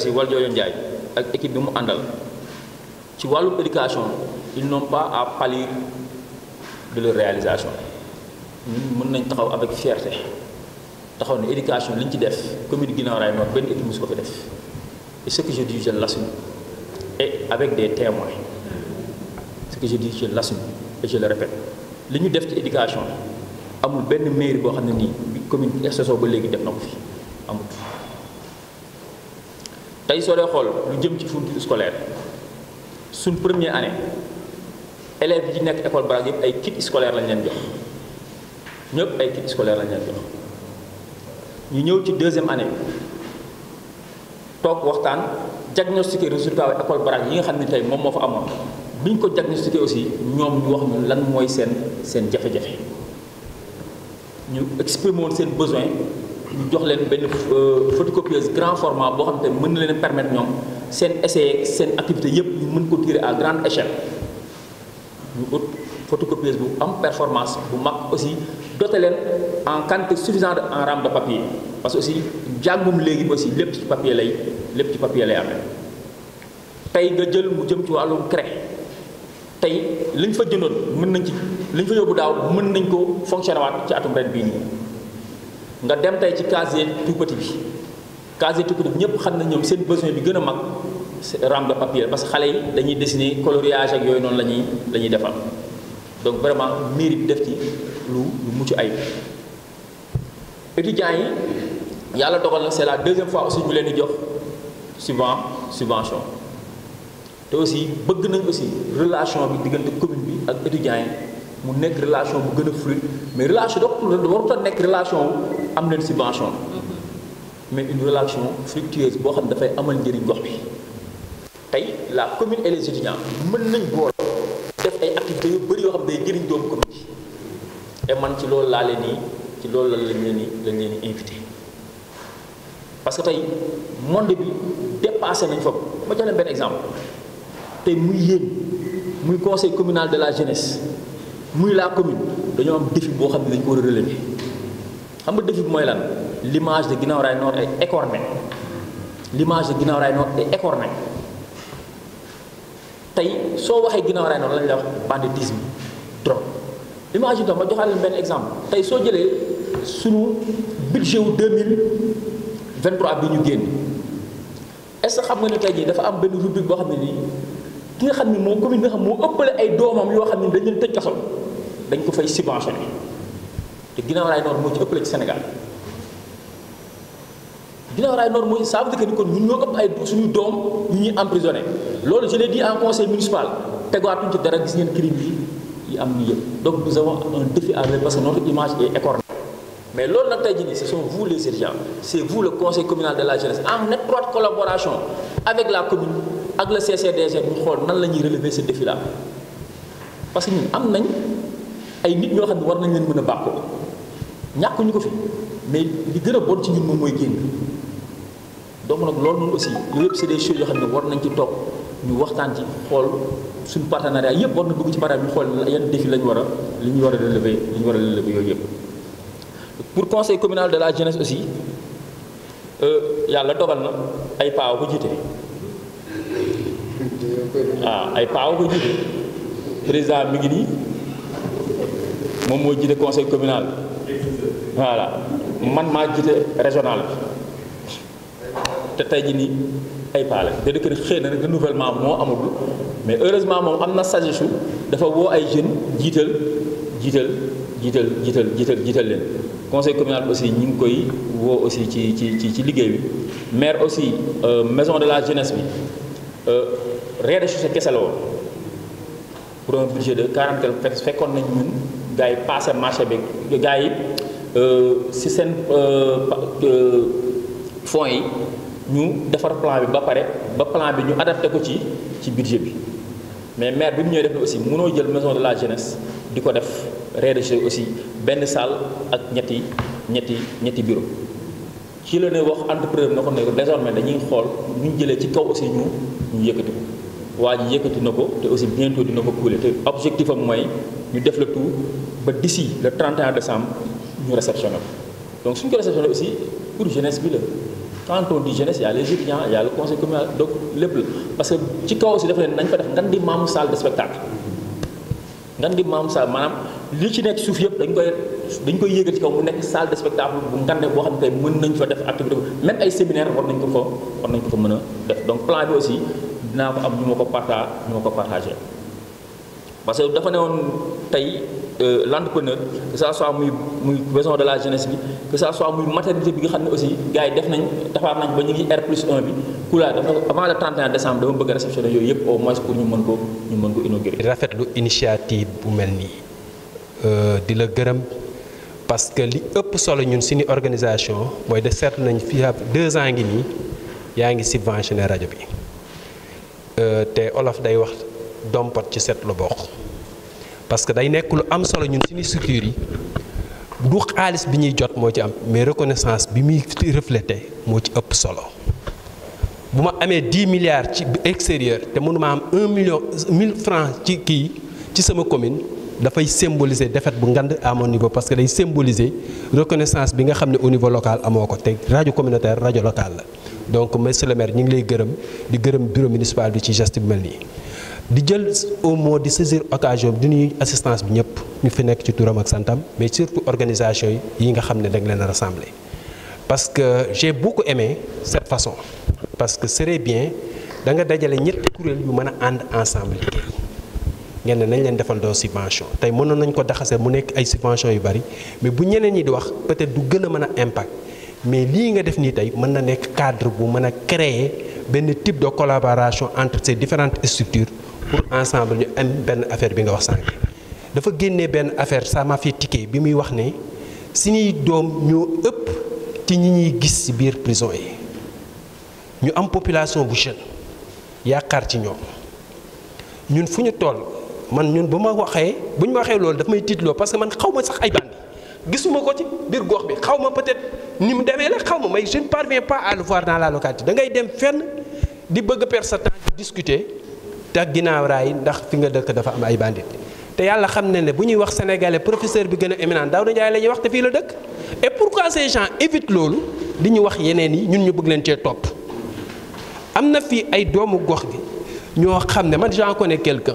c'est Waldo Ndiaye ak l'équipe de mu Tu ci l'éducation, ils n'ont pas à pâlir de leur réalisation Nous, mën nañ avec fierté taxaw l'éducation, éducation li ñu ci def commune Guinaw Rail Nord équipe et ce que je dis je l'assume et avec des témoins ce que je dis je l'assume et je le répète L'éducation, l'éducation, def ci éducation amul benn mairie commune ba tey soo dee xool lu jëm ci fourniture scolaire suñ premier année élèves yi nekk école Braga yëpp ay kit scolaire lañ leen jox ñëpp ay kit scolaire lañ ñu ñëw ci deuxième année bi toog waxtaan diagnostiqué résultat wu école Braga yi nga xam ne tey moom moo fa amoon bi ñu ko diagnostiqué aussi ñoom ñu wax ñun lan mooy seen seen jafe-jafe ñu exprimé seen besoin jox leen benn euh, photocopieuse grand format boo xam te mën na leen permettre ñoom seen essai seen activité yëpp ñu mën ko tirer à grande échelle ñu ut photocopieuse bu am performance bu mag aussi doté leen en quantité suffisante en rame de papier parce que aussi jàngum léegi aussi lépp ci papier lay lépp ci papier lay amee tey nga jël mu jëm ci wàllum craie tey liñ fa jëndoon mën nañ ci liñ fa yóbbu daaw mën nañ ko fonctionné waat ci atum ren bii nga dem tey ci casier tout petit bi casier tout petit bi ñëpp xam na ñoom seen besoin bi gën a mag ramble papier parce que xale yi dañuy dessiner coloriage ak yooyu noonu la ñuy la ñuy defal donc vraiment mairie bi def ci lu lu mucc ayib étudiants yi yàlla dogal na c'est la deuxième fois aussi ñu leen di jox souvent subvention te aussi bëgg nañ aussi relation bi diggante commune bi ak étudiants yi mu nekk relation bu gën a mais relation dootul warut a nekk relation am leen subvention mais une relation fructueuse boo xam ne dafay amal njëriñ gox bi tey la commune et les étudiants mën nañ bool def ay activités yu bëri yoo xam day njëriñ doomu commune bi et man ci loolu laa leen ci loolu lañ leen ni lañ leen invité parce que tey monde bi dépassé nañ foofu ma jox leen benn exemple tey muy yéen muy conseil communal de la jeunesse muy la commune dañoo am défi boo xam ne dañ ko war a xam nga défi bi mooy lan l'image de Guinaw Rails Nord est écornée l'image de Guinaw Rails Nord est écornée tey soo waxee Guinaw Rails Nord lañ la wax banditisme drogue image yi tax ma joxaale leen benn exemple tey soo jëlee sunu budget wu 2023 bi ñu génn est xam nga ne tey jii dafa am benn rubrique boo xam ne nii ki nga xam ni moo commune bi xam moo ëppale ay doomam yoo xam ne dañ leen tëj kaso dañ ko fay subventionné te ginnaaw raay noor moo ci ëppale ci Sénégal ginnaaw raay noor mooy ça veut dire ni kon ñun ñoo ëpp ay suñu doom ñu ñuy emprisonné loolu je l'ai dit en conseil municipal tegaatuñ ci dara gis ngeen crime bi yi am ni yëpp donc nous avons un défi à relever parce que notre image est écornée mais loolu nag tey jii nii ce sont vous les dirigeants c'est vous le conseil communal de la jeunesse en étroite collaboration avec la commune ak le CCDG ñu xool nan la ñuy relever ce défi là parce que ñun am nañ ay nit ñoo xam ne war nañ leen mën a bàkkoo ñàkk ñu ko fi mais li gën a bon ci ñun moom mooy génn donc nag loolu noonu aussi yooyu yëpp c'est des choses yoo xam ne war nañ ci toog ñu waxtaan ci xool suñu partenariat yëpp war na dugg ci partenariat bi xool yan défi lañ war a li ñu war a relever li ñu war a relever yooyu yëpp pour conseil communal de la jeunesse aussi euh, yàlla dogal na ay paaw ko jiite waaw ah, ay paaw ko jiite président mi ngi nii Je suis le conseil communal voilà man régional ay da mais heureusement moom am na dafa jeunes conseil communal aussi aussi ci ci ci bi maire aussi euh, maison de la jeunesse bi euh, de pour un budget de 40 fekkoon gars yi passé marché bi gars yi euh, si seen euh, euh, fonds yi ñu defar plan bi ba pare ba plan bi ñu adapté ko ci ci budget bi mais maire bi mu ñëwee def na aussi mënoo jël maison de la jeunesse di ko def rez de aussi benn salle ak ñetti ñetti ñetti bureau ci la wax entrepreneur na ko ne désormais dañuy xool ñu jëlee ci kaw aussi ñu ñu yëkkati ko waa ji yëkkati na ko te aussi bientôt dina ko couler te objectif am mooy ñu def le tout ba d'ici le 31 décembre ñu réceptionné ko donc suñ ko réceptionné aussi pour jeunesse bi la quand on dit jeunesse y a les étudiants y a le conseil communal donc lépp la parce que ci kaw aussi dafa leen nañ fa def ngan di maamu salle de spectacle ngan di maamu salle maanaam li ci nekk suuf yëpp dañ koy dañ koy yëgal ci kaw mu nekk salle de spectacle bu ngande boo xam ne tey mën nañ fa def activité même ay séminaire war nañ ko fa war nañ ko fa mën a def donc plan bi aussi dinaa ko am ñu ma ko parta ñu ma ko partagé parce que dafa ne woon tey euh, l' entrepreneur que ça soit muy muy maison de la jeunesse bi que soit muy maternité bi nga xam ne aussi gars def nañ taxawaar nañ ba ñu ngi R plus 1 bi Kula dafa avant le 31 décembre dama bëgg a yooyu yëpp au moins pour ñu mën ko ñu rafet ko inaugurer. initiative bu mel nii euh, di la gërëm parce que li ëpp solo ñun suñu organisation mooy de seet nañ fii ab deux ans ngi nii yaa ngi subventionné rajo bi. Olaf euh, olaf day wax ci set parce que day am solo ñun suñu yi du reconnaissance bi reflété 10 milliards ci extérieur té mënuma 1 million 1000 francs ci qui ci commune faut symboliser défaite bu ngand à mon niveau parce que day symboliser reconnaissance bi au niveau local à mon côté Radio communautaire radio locale. donc monsieur le maire nous ngi lay gërëm bureau municipal de ci geste bi mel di jël au moins de saisir occasion bi ñuy assistance bi ñëpp ñu fi nekk ci mais surtout organisation yi yi nga xam ne dañ parce que j'ai beaucoup aimé cette façon parce que serait bien da nga dajale ñetti kuréel yu ensemble ngeen ne nañ leen defal doo subvention tey mënoon nañ ko daxase mu nekk ay subvention yu bari mais bu ñeneen ñi di wax peut-être du gën a mën a impact mais lii nga def nii tey mën na nekk cadre bu mën a créer benn type de collaboration entre ces différentes structures pour ensemble ñu am benn affaire bi nga wax sànq dafa génnee benn affaire ça m'a fait tiquer bi muy wax ne suñuy doom ñoo ëpp ci ñi ñuy gis ci biir prison yi ñu am population bu jeune yaakaar ci ñoom ñun fu ñu toll. man ñun bu ma waxee bu ñu ma waxee loolu daf may tiitloo parce que man xaw ma sax ay bandi gisuma ko ci biir gox bi xaw ma peut-être ni mu demee la xaw ma may je ne parviens pas à dans la localité da ngay dem fenn di bëgg a sa temps te ginnaaw raay ndax fi nga dëkk dafa am ay bandit te yàlla xam ne ne bu ñuy wax sénégalais professeur bi gën a éminent Daouda Ndiaye la ñuy wax te la dëkk et pourquoi ces loolu di ñu wax yeneen yi ñun ñu bëgg leen cee topp am na fii ay doomu gox bi ñoo xam ne man j'en connais quelqu'un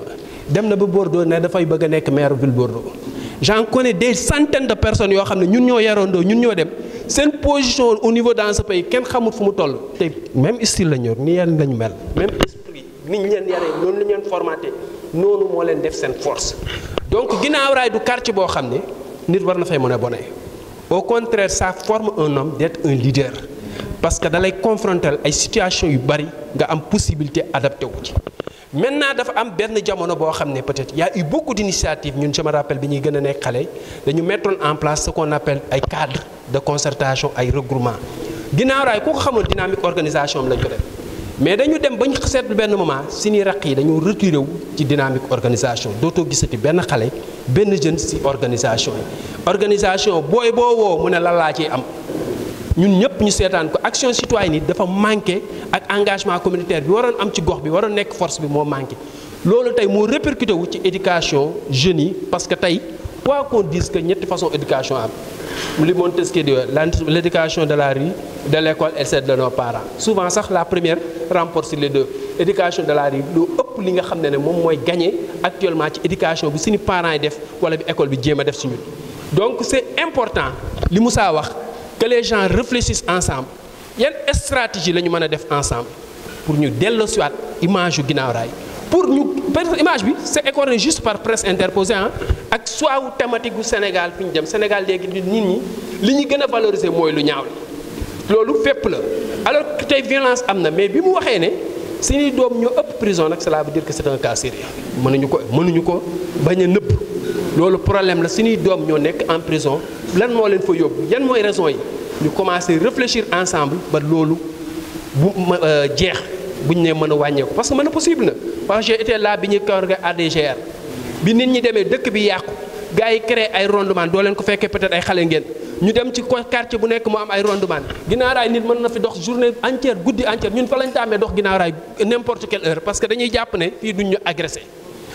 dem na ba Bordeaux ne dafay bëgg nek maire ville Bordeaux j'en connais des centaines de personnes yo xamné ñun ñoo yarandoo ñun ñoo dem sen position au niveau dans ce pays ken xamul fu mu toll. te même style la ñor ni nii lañ mel. même esprit ni ñu leen yaree noonu la ñu formaté nonu mo leen def sen force donc ginaaw raay du quartier bo xamné nit war na fay mëna a au contraire ça forme un homme d'être un leader parce que dalay confronter ay situation yu bari nga am possibilité adapté wu ci maintenant dafa am ben jamono bo xamné peut-être il y a eu beaucoup d'initiatives ñun je me rappelle bi ñuy gën a nekk dañu mettoon en place ce qu'on appelle ay cadre de concertation ay regroupement ginaaw raay ku ko xamul dynamique organisation am lañ ko def mais dañu dem bañ ñu ben moment sini raq yi dañu retiré wu ci dynamique organisation doto gisati ben xalé ben jeune ci organisation organisation boy bo wo mu ne la la ci am ñun ñëpp ñu seetaan ko action citoyenne yi dafa manqué ak engagement communautaire bi waroon am ci gox bi waroon nekk force bi moo manqué loolu tey moo répercuté wu ci éducation jeunes parce que tey quoi qu'on dise que ñetti façon éducation am li Montesquieu di l' éducation de la rue de l'école elle et celle de nos parents souvent sax la première remporte sur les deux éducation de la rue nous ëpp li nga xam ne ne moom mooy gagné actuellement ci éducation bi suñu parents yi def wala bi école bi jéem def donc c'est important li Moussa wax que les gens réfléchissent ensemble il une stratégie que nous mën faire ensemble pour ñu delloosiwaat image de nous pour ñu image bi c'est écorné juste par presse interposée Hein? soit la thématique du Sénégal le Sénégal est nit ñi li valoriser le lu ñaaw Le loolu alors que la violence est mais si nous si ne prison cela veut dire que c'est un cas sérieux mënuñu ko mënuñu ko le problème la suñuy doom ñoo nekk en prison lan moo leen fa yóbbu yan mooy raison yi ñu commencé réfléchir ensemble ba lolo, bu ma euh, jeex bu ñu parce que c'est possible na parce que j'ai été là bi ñuy corrigé ADGR bi nit ñi demee dëkk bi yàqu gars yi créé ay rondement doo leen ko fekkee peut-être ay xale ngeen ñu dem ci quartier bu nekk mu am ay rondement ginnaaw raay nit mën fi dox journée entière guddi entière ñun fa lañ tàmmee dox ginnaaw n'importe quelle heure parce que dañuy jàpp ne fii nous agresser. agressé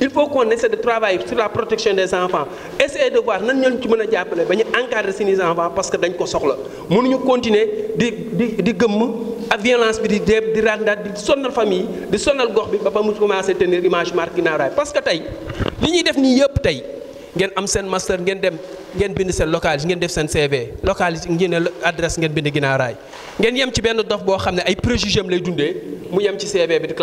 il faut qu'on essaie de travailler sur la protection des enfants essayer de voir nan ci a encadrer les enfants parce que dañ ko soxla mënuñu continuer di di di violence bi di la di di famille di gox bi nous commencé marque parce que tey li ñuy def ni yëpp ils ont am master vous dem ngeen CV adresse bind yem ci un dof ay préjugés am lay dundee mu CV bi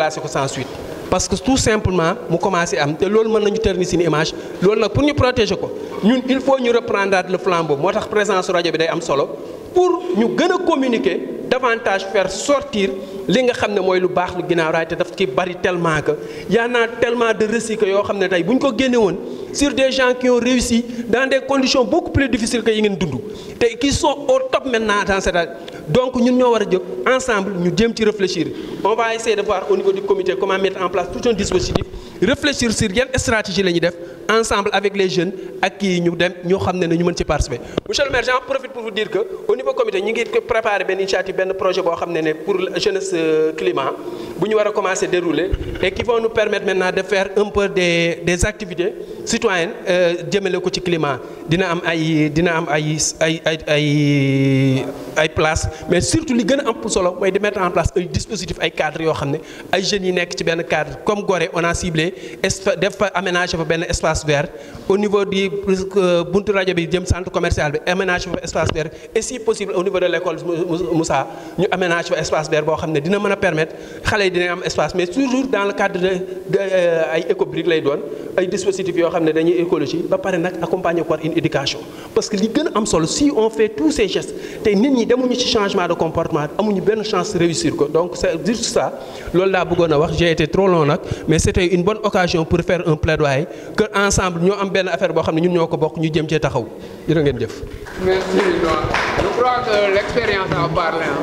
parce que tout simplement nous commencé à mettre loolu mën nañu image pour nous protéger ko il faut ñu reprendre le flambeau Moi, tax présence rajo bi day am solo pour nous gagner communiquer davantage faire sortir li nga xam moy lu baax lu ginaaw raay te daf ci bari tellement que en a tellement de risques yo xam ne buñ pas ko won sur des gens qui ont réussi dans des conditions beaucoup plus difficiles que yi ngeen dundou te qui sont au top maintenant dans cette donc ñun ñoo wara ensemble ñu jëm ci réfléchir on va essayer de voir au niveau du comité comment mettre en place tout un dispositif réfléchir sur les stratégie lañu def ensemble avec les jeunes ak qui ñu dem ñoo xam ñu mën ci participer monsieur le maire j'en profite pour vous dire que niveau comité ñu ngi préparé initiative un projet pour la pour jeunesse euh, climat bu ñu war a commencer dérouler et qui vont nous permettre maintenant de faire un peu des des activités citoyennes euh, jëmale ko ci climat dina am ay dina am ay ay ay ay place mais surtout li gën a am solo mooy de mettre en place un dispositif ay cadres yoo xam ne ay jeunes yi nekk ci benn cadre comme Gorée on a ciblé def fa aménager fa benn espace vert au niveau du euh, buntu rajo bi jëm centre commercial bi aménager fa espace vert et si possible au niveau de l'école Moussa ñu aménager fa espace vert boo xam ne dina mën a permettre espace mais toujours dans le cadre de euh, ay écobrique lay ay dispositifs écologiques, l'écologie, dañuy écologie accompagner une éducation parce que li gën si on fait tous ces gestes te nit ñi demuñu ci changement de comportement une bonne chance réussir donc c'est juste ça loolu laa bëggoon j'ai été trop long mais c'était une bonne occasion pour faire un plaidoyer que ensemble ñoo am benn affaire nous avons une ñun nous ko une ñu jëm merci je crois que l'expérience en parle hein.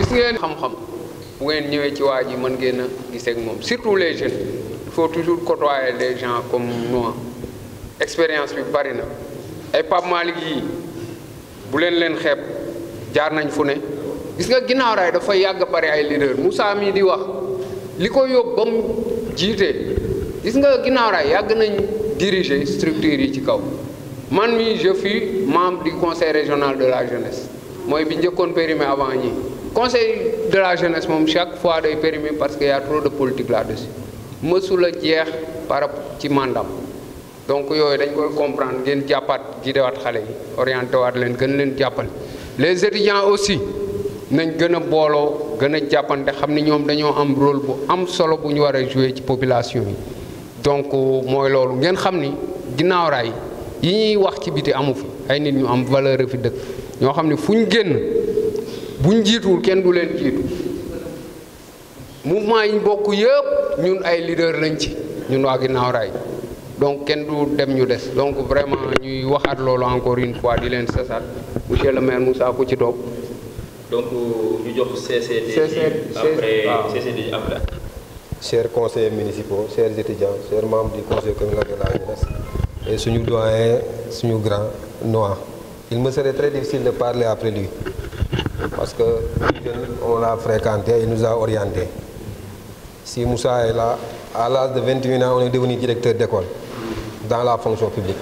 gis ngeen bu ngeen ñëwee ci waa ji mën ngeen a ak surtout les jeunes il faut toujours côtoyer des gens comme moi expérience bi bari na ay Pape Malick yii bu leen leen xeeb jaar nañ fu ne gis nga ginnaaw raay dafa bari ay leader Moussa mii di wax Liko ko yóbbu ba mu jiite gis nga ginnaaw raay yàgg nañ diriger structure yi ci kaw man mi, je suis membre du conseil régional de la jeunesse mooy bi njëkkoon périmé avant ñi conseil de la jeunesse moom chaque fois day périmé parce que y a trop de politique là a jeex par ci mandam donc yooyu dañ koy comprendre ngeen jàppaat gidewaat xale yi orienté waat leen gën leen jàppale les étudiants aussi nañ gën a booloo gën a jàppante xam ni ñoom dañoo am rôle bu am solo bu ñu war a jouer ci population yi donc mooy loolu ngeen xam ni ginnaaw yi ñuy wax ci biti amu fi ay nit ñu am valeur fi dëkk ñoo xam ni fu ñu génn buñ jiituwul kenn du len jiitu mouvement yi ñu bokk yëpp ñun ay leader lañ ci ñun wa ginaaw ray donc kenn du dem ñu des donc vraiment ñuy waxat loolu encore une fois di len sasaat monsieur le maire Moussa ku ci toog. donc ñu jox CCD. après CCD après. chers conseillers municipaux chers étudiants chers membres du conseil communautaire de la jeunesse et suñu doyen suñu grand noa il me serait très difficile de parler après lui. Parce que on l'a fréquenté, il nous a orienté. Si Moussa est là, à l'âge de 21 ans, on est devenu directeur d'école dans la fonction publique.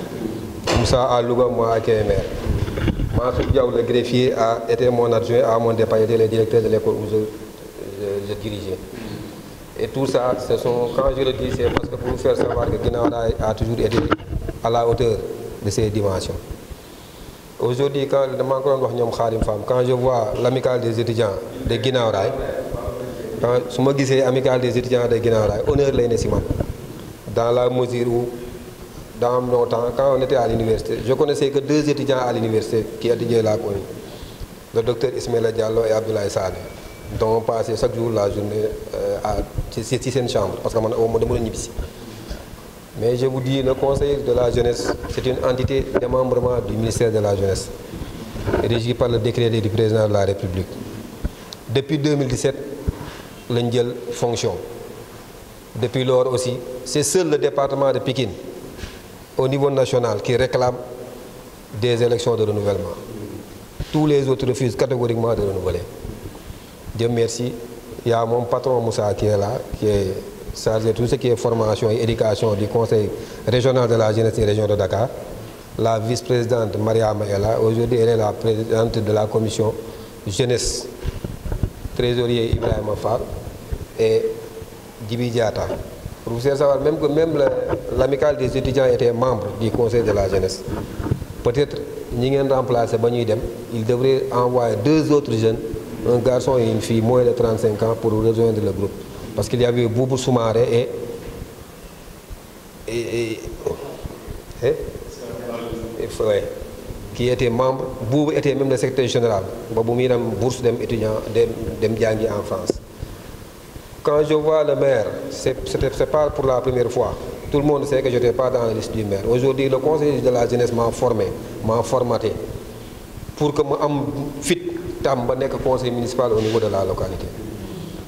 Moussa a Louga, moi à KMR. Mansou Diaw, le greffier, a été mon adjoint à mon départ, était le directeur de l'école où je, dirigeais. Et tout ça, ce sont, quand je le dis, c'est parce que pour vous faire savoir que Guinara a toujours été à la hauteur de ses dimensions. Aujourd'hui, quand, quand je vois l'amicale des étudiants de Guinaoraï, quand je me disais amicale des étudiants de Guinaoraï, honneur l'Enessimam, dans la mesure où, dans mon temps, quand on était à l'université, je connaissais que deux étudiants à l'université qui étudiaient la colonie, le docteur Ismaël Diallo et Abdoulaye Sade, dont on passait chaque jour la journée euh, à, six chambres, une chambre, parce qu'on m'a demandé ici. Mais je vous dis, le Conseil de la jeunesse, c'est une entité de du ministère de la jeunesse, régie par le décret du président de la République. Depuis 2017, l'Indiel fonctionne. Depuis lors aussi, c'est seul le département de Pékin, au niveau national, qui réclame des élections de renouvellement. Tous les autres refusent catégoriquement de renouveler. Dieu merci, il y a mon patron Moussa qui là, qui est chargé tout ce qui est formation et éducation du Conseil régional de la jeunesse et région de Dakar. La vice-présidente Maria Ella, aujourd'hui elle est la présidente de la commission jeunesse, trésorier Ibrahim Fall et Dibi Diata. Pour vous faire savoir, même que même l'amicale des étudiants était membre du Conseil de la jeunesse. Peut-être n'y remplacer il devrait envoyer deux autres jeunes un garçon et une fille moins de 35 ans pour rejoindre le groupe parce qu'il y avait Boubou Soumaré et, et, et, et qui était membre, Boubou était même le secrétaire général, Boubou Miram, bourse d'étudiants en France. Quand je vois le maire, ce n'est pas pour la première fois, tout le monde sait que je n'étais pas dans la liste du maire. Aujourd'hui, le conseil de la jeunesse m'a formé, m'a formaté pour que je fit tam conseil municipal au niveau de la localité.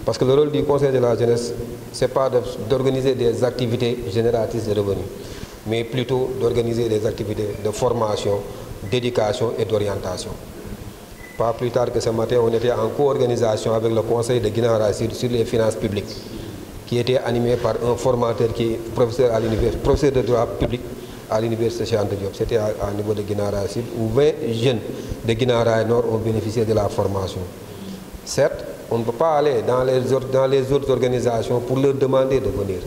Parce que le rôle du Conseil de la jeunesse, ce n'est pas d'organiser des activités génératrices de revenus, mais plutôt d'organiser des activités de formation, d'éducation et d'orientation. Pas plus tard que ce matin, on était en co-organisation avec le Conseil de guinée sur les finances publiques, qui était animé par un formateur qui est professeur, à professeur de droit public à l'université de C'était au niveau de guinée sud où 20 jeunes de guinée Nord ont bénéficié de la formation. Certes, on ne peut pas aller dans les, autres organisations pour leur demander de venir.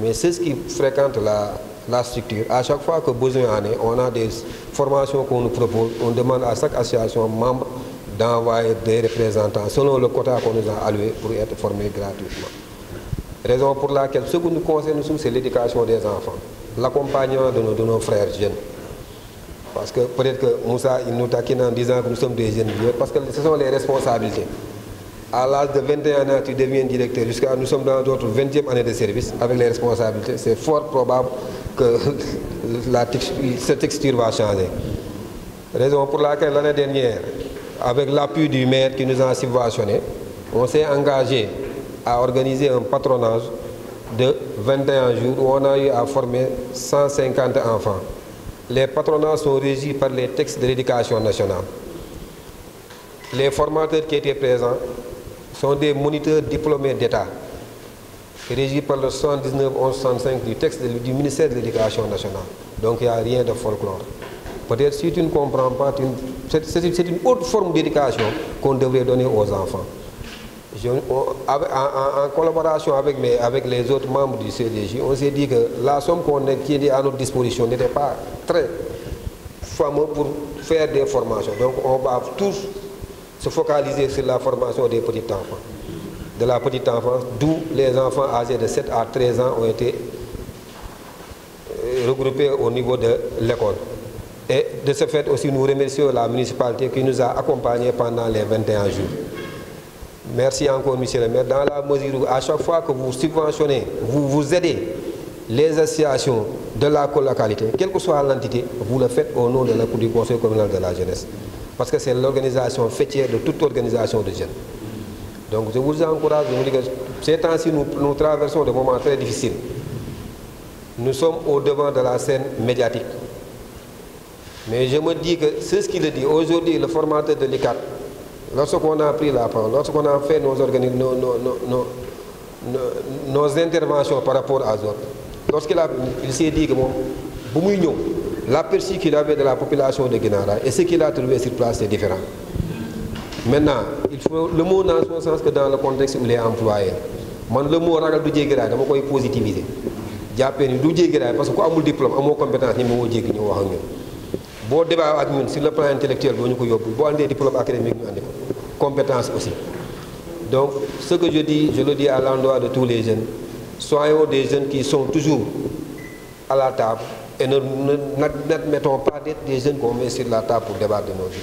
Mais c'est ce qui fréquente la, structure, à chaque fois que besoin en est, on a des formations qu'on nous propose. On demande à chaque association membre d'envoyer des représentants selon le quota qu'on nous a alloué pour être formés gratuitement. Raison pour laquelle ce que nous concerne, c'est l'éducation des enfants, l'accompagnement de, nos, frères jeunes. Parce que peut-être que Moussa, il nous taquine en disant que nous sommes des jeunes vieux, parce que ce sont les responsabilités à l'âge de 21 ans, tu deviens directeur. Jusqu'à nous sommes dans notre 20e année de service avec les responsabilités. C'est fort probable que cette texture va changer. Raison pour laquelle l'année dernière, avec l'appui du maire qui nous a subventionné, on s'est engagé à organiser un patronage de 21 jours où on a eu à former 150 enfants. Les patronages sont régis par les textes de l'éducation nationale. Les formateurs qui étaient présents sont des moniteurs diplômés d'État, régis par le 119 1165 du texte du ministère de l'Éducation nationale. Donc il n'y a rien de folklore. Peut-être si tu ne comprends pas, c'est une autre forme d'éducation qu'on devrait donner aux enfants. en, collaboration avec, les autres membres du CDJ, on s'est dit que la somme qu'on qui était à notre disposition n'était pas très fameuse pour faire des formations. Donc on va tous se focaliser sur la formation des petits enfants. De la petite enfance, d'où les enfants âgés de 7 à 13 ans ont été euh, regroupés au niveau de l'école. Et de ce fait aussi, nous remercions la municipalité qui nous a accompagnés pendant les 21 jours. Merci encore, monsieur le maire. Dans la mesure où, à chaque fois que vous subventionnez, vous, vous aidez les associations de la localité, quelle que soit l'entité, vous le faites au nom de du Conseil communal de la jeunesse parce que c'est l'organisation fêtière de toute organisation de jeunes. Donc je vous encourage, je vous dis que ces temps-ci, nous, traversons des moments très difficiles. Nous sommes au devant de la scène médiatique. Mais je me dis que c'est ce qu'il dit. Aujourd'hui, le formateur de l'ICAT, lorsqu'on a pris la parole, lorsqu'on a fait nos, interventions par rapport à Zot, lorsqu'il il s'est dit que bon, l'aperçu qu'il avait de la population de Guinara et ce qu'il a trouvé sur place, est différent. Maintenant, il faut, le mot n'a son sens que dans le contexte où il est employé. le mot ragal du djégiraay dama koy positiviser jàppee du parce que diplôme compétence ni n'y a pas wax ak débat sur le plan intellectuel boo ñu a des diplômes académiques, diplôme académique compétence aussi donc ce que je dis je le dis à l'endroit de tous les jeunes soyons des jeunes qui sont toujours à la table et ne n'admettons pas d'être des jeunes qu'on met sur la table pour débattre de nos vies.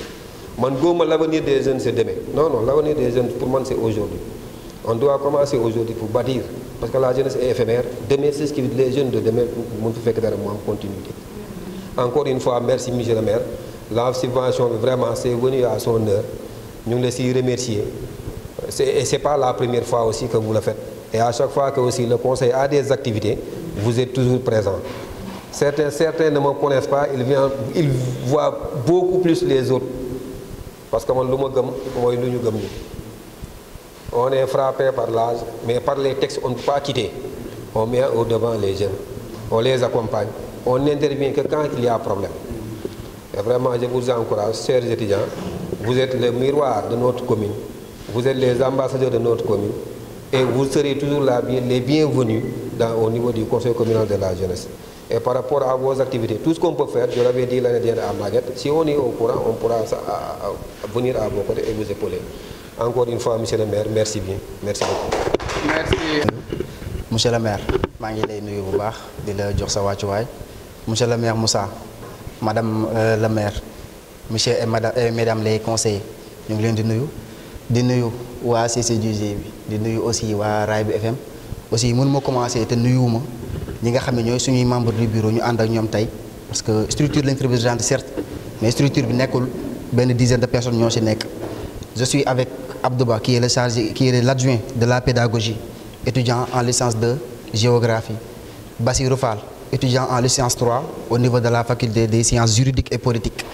Mon goût, l'avenir des jeunes c'est demain. Non, non, l'avenir des jeunes pour moi c'est aujourd'hui. On doit commencer aujourd'hui pour bâtir. Parce que la jeunesse est éphémère. Demain, c'est ce que les jeunes de demain vont faire que moi en continuité. Encore une fois, merci M. le maire. La subvention, vraiment, c'est venu à son heure. Nous les remercier. Et ce n'est pas la première fois aussi que vous le faites. Et à chaque fois que aussi le conseil a des activités, vous êtes toujours présent. Certains, ne me connaissent pas, ils, voient beaucoup plus les autres. Parce que moi, on est frappé par l'âge, mais par les textes, on ne peut pas quitter. On met au devant les jeunes, on les accompagne, on n'intervient que quand il y a un problème. Et vraiment, je vous encourage, chers étudiants, vous êtes le miroir de notre commune, vous êtes les ambassadeurs de notre commune, et vous serez toujours les bienvenus au niveau du Conseil communal de la jeunesse et par rapport à vos activités. Tout ce qu'on peut faire, je l'avais dit l'année dernière à Maguette, si on est au courant, on pourra venir à vos côtés et vous épauler. Encore une fois, monsieur le maire, merci bien. Merci beaucoup. Merci. monsieur le maire Mangi lay nuyu la monsieur le maire Moussa madame euh, le maire monsieur et madame les conseillers nous ngi de nous nuyu nous, nuyu à CCDG bi nous aussi à à FM aussi avons commencer à nous. Je nga membre du bureau ñu avons des parce que structure de l'entreprise. est certes mais structure bi nekkul dizaine de personnes je suis avec Abdouba qui est l'adjoint de la pédagogie étudiant en licence de géographie Bassirou Rufal, étudiant en licence 3 au niveau de la faculté des sciences juridiques et politiques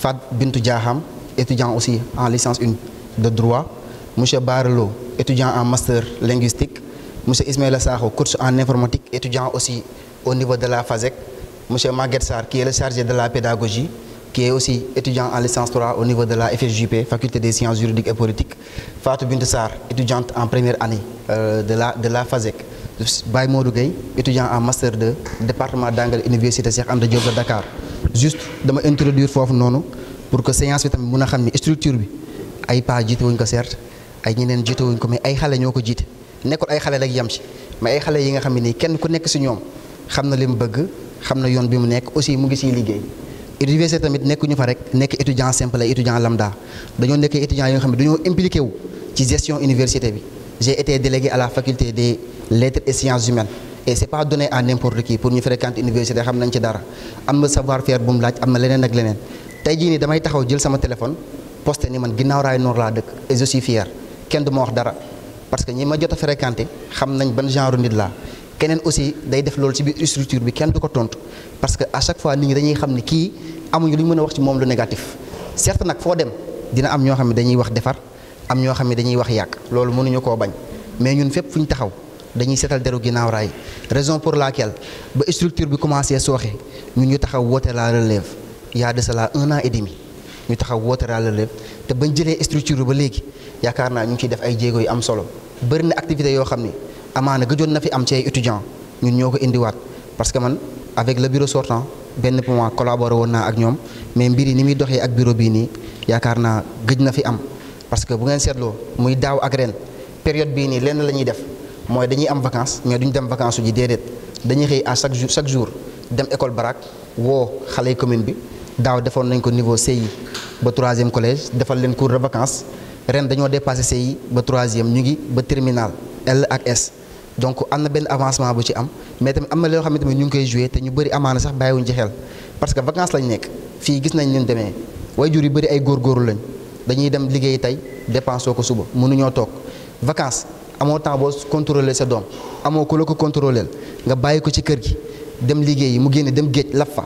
Fad Bintou Diaham étudiant aussi en licence 1 de droit Monsieur Barlo étudiant en master linguistique M. Ismaël au coach en informatique étudiant aussi au niveau de la FASEC M. Maguette Sar, qui est le chargé de la pédagogie qui est aussi étudiant en licence 3 au niveau de la FSJP, Faculté des sciences juridiques et politiques. Fatou Bintessar, étudiante en première année euh, de, la, de la FASEC. Baye étudiant en master 2, département d'anglais université Cheikh Diop de Dakar. Juste de m'introduire pour que séance soit tamit structure bi ay pas jité certes ay ñeneen jité ko mais ay xalé nekkul ay xale rek yam ci mais ay xale yi nga xam ne kenn ku nekk si ñoom xam na li mu bëgg xam na yoon bi mu nekk aussi mu ngi siy liggéey université tamit nekkuñu fa rek nekk étudiant simple ay étudiant lambda dañoo nekk étudiant yi nga xam ne dañoo impliqué wu ci gestion université bi j'ai été délégué à la faculté des lettres et sciences humaines et c'est pas donné à n'importe qui pour ñu fréquenter université xam nañ ci dara am na savoir faire bu mu laaj am na leneen ak leneen tey jii nii damay taxaw jël sama téléphone posté ni man ginnaaw raay noor laa dëkk et je suis fier kenn du ma wax dara parce que ñi ma fréquenté xam nañ ban genre nit aussi day def structure parce que à chaque fois nit ñi dañuy xam négatif certes nak fo dem dina am ño xamni dañuy wax défar am ño xamni dañuy wax yak mais ñun fep nous taxaw dañuy sétal raison pour laquelle ba structure bi commencé ñun ñu taxaw la relève il y a de cela un an et demi ñu taxaw wooteraale lépp te bañ jëlee structure ba léegi yaakaar naa ñu ngi ciy def ay jéego yu am solo bëri na activité yoo xam ni amaana gëjoon na fi am ci ay étudiants ñun ñoo ko indiwaat parce que man avec le bureau sortant benn moment collaboré woon naa ak ñoom mais mbir yi ni muy doxee ak bureau bii nii yaakaar naa gëj na fi am parce que bu ngeen seetloo muy daaw ak ren période bii nii lenn la ñuy def mooy dañuy am vacances mais duñ dem vacances su ji déedéet dañuy xëy à chaque jour chaque jour dem école barak woo xale commune bi daaw defoon nañ ko niveau CI ba troisième collège defal leen cours de vacances ren dañoo dépassé CI ba troisième ñu ngi ba terminal L ak S donc am na benn avancement bu ci am mais tamit am na loo xam ne tamit ñu ngi koy joué te ñu bëri amaana sax bàyyiwuñ ci xel parce que vacances lañ nekk fii gis nañ leen demee jur yu bëri ay góor góorgóorlu lañ dañuy dem liggéey tey dépense ko suba mënuñoo toog vacances amoo temps boo contrôler sa doom amoo ku la ko contrôler nga bàyyi ko ci kër gi dem liggéey yi mu génne dem géej lab fa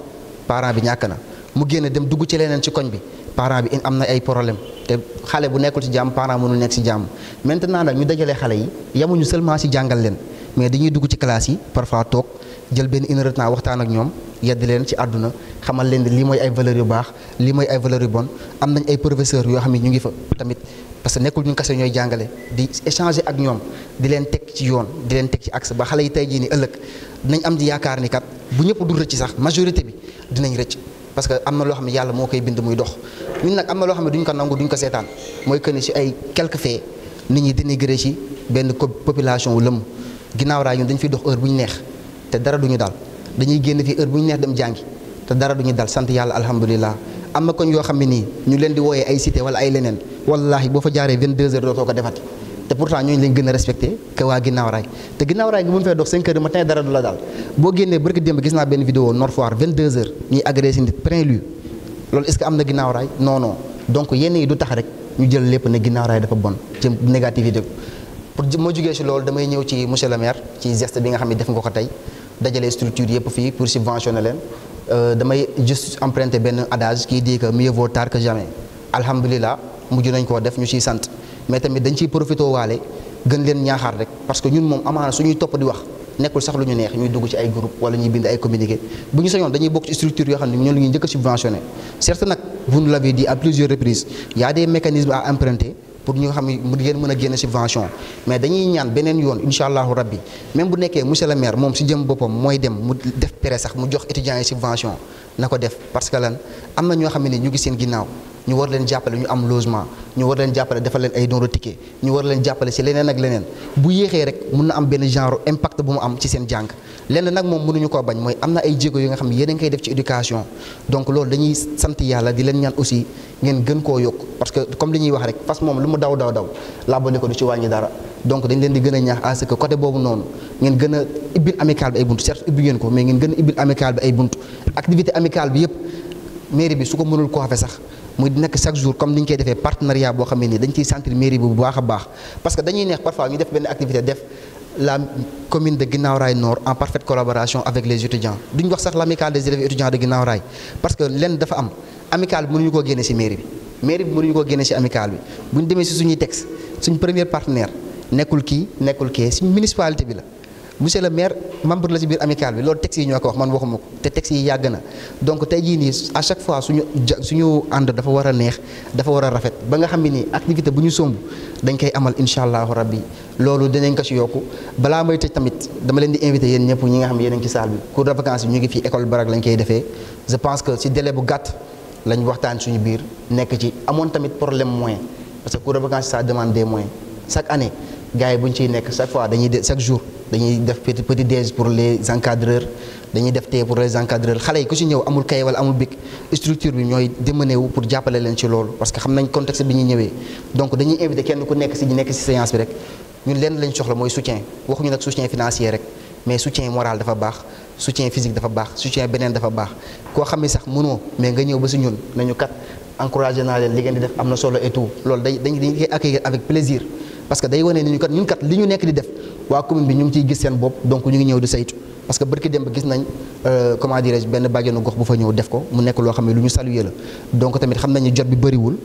parent bi ñàkk na mu génne dem dugg ci leneen ci koñ bi parent bi am na ay problème te xale bu nekkul ci jàmm parent mënul nekk ci jàmm maintenant nag ñu dajale xale yi yemuñu seulement ci jàngal leen mais dañuy dugg ci classe yi parfois toog jël benn une heure waxtaan ak ñoom yedd leen ci àdduna xamal leen ne lii mooy ay valeur yu baax lii mooy ay valeur yu bon am nañ ay professeurs yoo xam ne ñu ngi fa tamit parce que nekkul ñu kase ñooy jàngale di échanger ak ñoom di leen teg ci yoon di leen teg ci axe ba xale yi tey jii ni ëllëg dinañ am di yaakaar ni kat bu ñëpp dul rëcc sax majorité bi dinañ rëcc. parce que am na loo xam ne yàlla moo koy bind muy dox ñun nag am na loo xam ne duñ ko nangu duñ ko seetaan mooy que ni si ay quelque fait nit ñi dénigré ci benn population wu lëm ginnaaw raay ñun dañu fiy dox heure bu ñu neex te dara duñu dal dañuy génn fii heure bu ñu neex dem jàngi te dara duñu dal sant yàlla alhamdulilah am na koñ yoo xam ne nii ñu leen di wooyee ay cité wala ay leneen wallahi boo fa jaaree 22 heures dootoo ko defati te pourtant ñooñu lañ gën a respecté que wa ginnaaw ray te ginnaaw ray gi bu mu fee dox 5 h du matin dara du la dal bo génnee barki démb gis na ben vidéo Nord 22 h ñuy agressé nit Saint-Louis loolu est-ce que am na ginnaaw raay non non donc yenn yi du tax rek ñu jël lépp na ginnaaw ray dafa bon ci négativité pour mo juggé ci lool damay ñëw ci monsieur le maire ci geste bi nga xamni def nga ko tay dajalé structure yëpp fi pour subventionner leen euh, damay juste emprunter ben adage qui dit que mieux vaut tard que jamais alhamdoulillah mujj nañ ko def ñu ci sant. mais tamit dañ ciy profité waale gën leen ñaaxaar rek parce que ñun moom amaana suñuy topp di wax nekkul sax lu ñu neex ñuy dugg ci ay group wala ñuy bind ay communiqué bu ñu sañoon dañuy bokk ci structure yoo xam ne ñoom la ñuy njëkk a pour ñu xam ne mu ngeen mën a génn subvention mais dañuy ñaan beneen yoon incha allahu rabbi même bu nekkee monsieur le maire moom si jëm boppam mooy dem mu def pere sax mu jox étudiants yi na ko def parce que lan am na ñoo xam ne ñu ngi seen ginnaaw ñu war leen jàppale ñu am logement ñu war leen jàppale defal leen ay don de ticket ñu war leen jàppale si leneen ak leneen bu yéexee rek mun na am benn genre impact bu mu am ci seen jàng lenn nag moom mënuñu koo bañ mooy am ay jéego yi nga xam ne yéen a koy def ci éducation donc loolu dañuy sant yàlla di leen ñaan aussi ngeen gën koo yokk parce que comme li ñuy wax rek fas moom lu mu daw daw daw laabandi ko du ci wàññi dara donc di gën a ñaax à ce que côté boobu noonu ngeen gën a ibbil amicale bi ay buntu certes ibbi ngeen ko mais ngeen gën a ibbil amicale bi ay buntu activité amicale bi yëpp mairie bi su ko mënul koo xafe sax dis que chaque jour comme nous avons fait un partenariat le centre de la dañ mairie bu parce que dañuy neex parfois nous avons une activité def la commune de Guinaw Nord en parfaite collaboration avec les étudiants Nous wax sax l'amicale des élèves étudiants de Guinaw parce que l'un dafa am amicale bi mënuñu koo ci mairie La mairie bi mënuñu koo génne ci amicale bi bu ñu demee ci suñuy texte premier partenaire nekkul kii nekkul kii suñ municipalité bi monsieur le maire membre la bir biir amicale bi loolu texte yi ñoo wax man waxuma te texte yi yàgg na donc tey jii nii à chaque fois suñu suñu and dafa wara neex dafa wara rafet ba nga xam ne activité buñu sombu dañ koy amal inshallah allahu rabbi loolu dinañ ko ci yokku balaa may tej tamit dama leen di inviter yeen ñëpp ñi nga xam yeen ngi ci salle bi cours de vacances ñu ngi fi école barak lañ koy défé je pense que ci délai bu gàtt lañ waxtaan suñu bir nek ci amoon tamit problème moyen parce que cours de vacances ça demande des moyens chaque année gars yi bu ñu chaque fois dañuy chaque jour dañuy def petit petit déj pour les encadreurs dañuy def thé pour les encadreurs xalé yi ku ci ñëw amul kay wala amul bic structure bi ñoy démené wu pour jappalé leen ci lool parce que xam nañ contexte bi ñuy ñëwé donc dañuy inviter kenn ku nek si ñu nekk si séance bi rek ñun lenn lañ soxla moy soutien ñu nak soutien financier rek mais soutien moral dafa bax soutien physique dafa bax soutien benen dafa bax ko xamé sax mëno mais nga ñëw ba si ñun nañu kat encourager na leen li ngeen di def amna solo et tout lool dañ dañ accueillir avec plaisir parce que day wane ni ñu kat ñun kat li ñu nekk di def waa commune bi ñu ngi ciy gis seen bopp donc ñu ngi ñëw di saytu parce que bërki dem ba gis nañ euh, comment dirais-je benn bàjjenu gox bu fa ñëw def ko mu nekk loo xam ne lu ñu saluer la donc tamit xam nañu jot bi bëriwul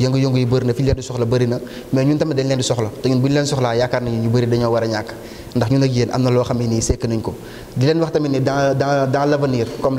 yëngu-yëngu yi bëri na fi leen di soxla bëri na mais ñun tamit dañ leen di soxla te ñun bu ñu leen soxlaa yaakaar nañu ñu bëri dañoo war a ñàkk ndax ñun ak yéen am na loo xam ne nii sekk nañ ko leen wax tamit ni dans dans dans l'avenir comme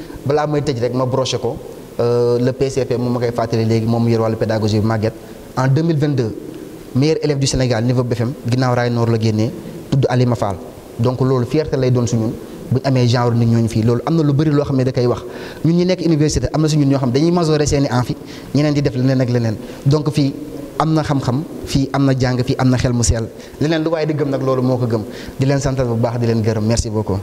balaa may tëj rek ma brocher ko euh, le PCP moom ma koy fàttali mom moom mu yor wàllu pédagogie bi Maguette en 2022 meilleur élève du Sénégal niveau BFM ginnaaw ray noor la génnee tudd Ali Mafal donc lolu fierté lay doon su ñun bu amé genre nit ñooñ fi lolu amna lu bëri lo xam da kay wax ñun ñi nek université amna na si ñun ñoo xam dañuy majoré en fi ñeneen di def leneen ak leneen donc fi amna xam-xam fi amna jang fi amna xel mu sell leneen lu way di gëm nak lolu moko gëm di leen santal bu baax di leen gërëm merci beaucoup.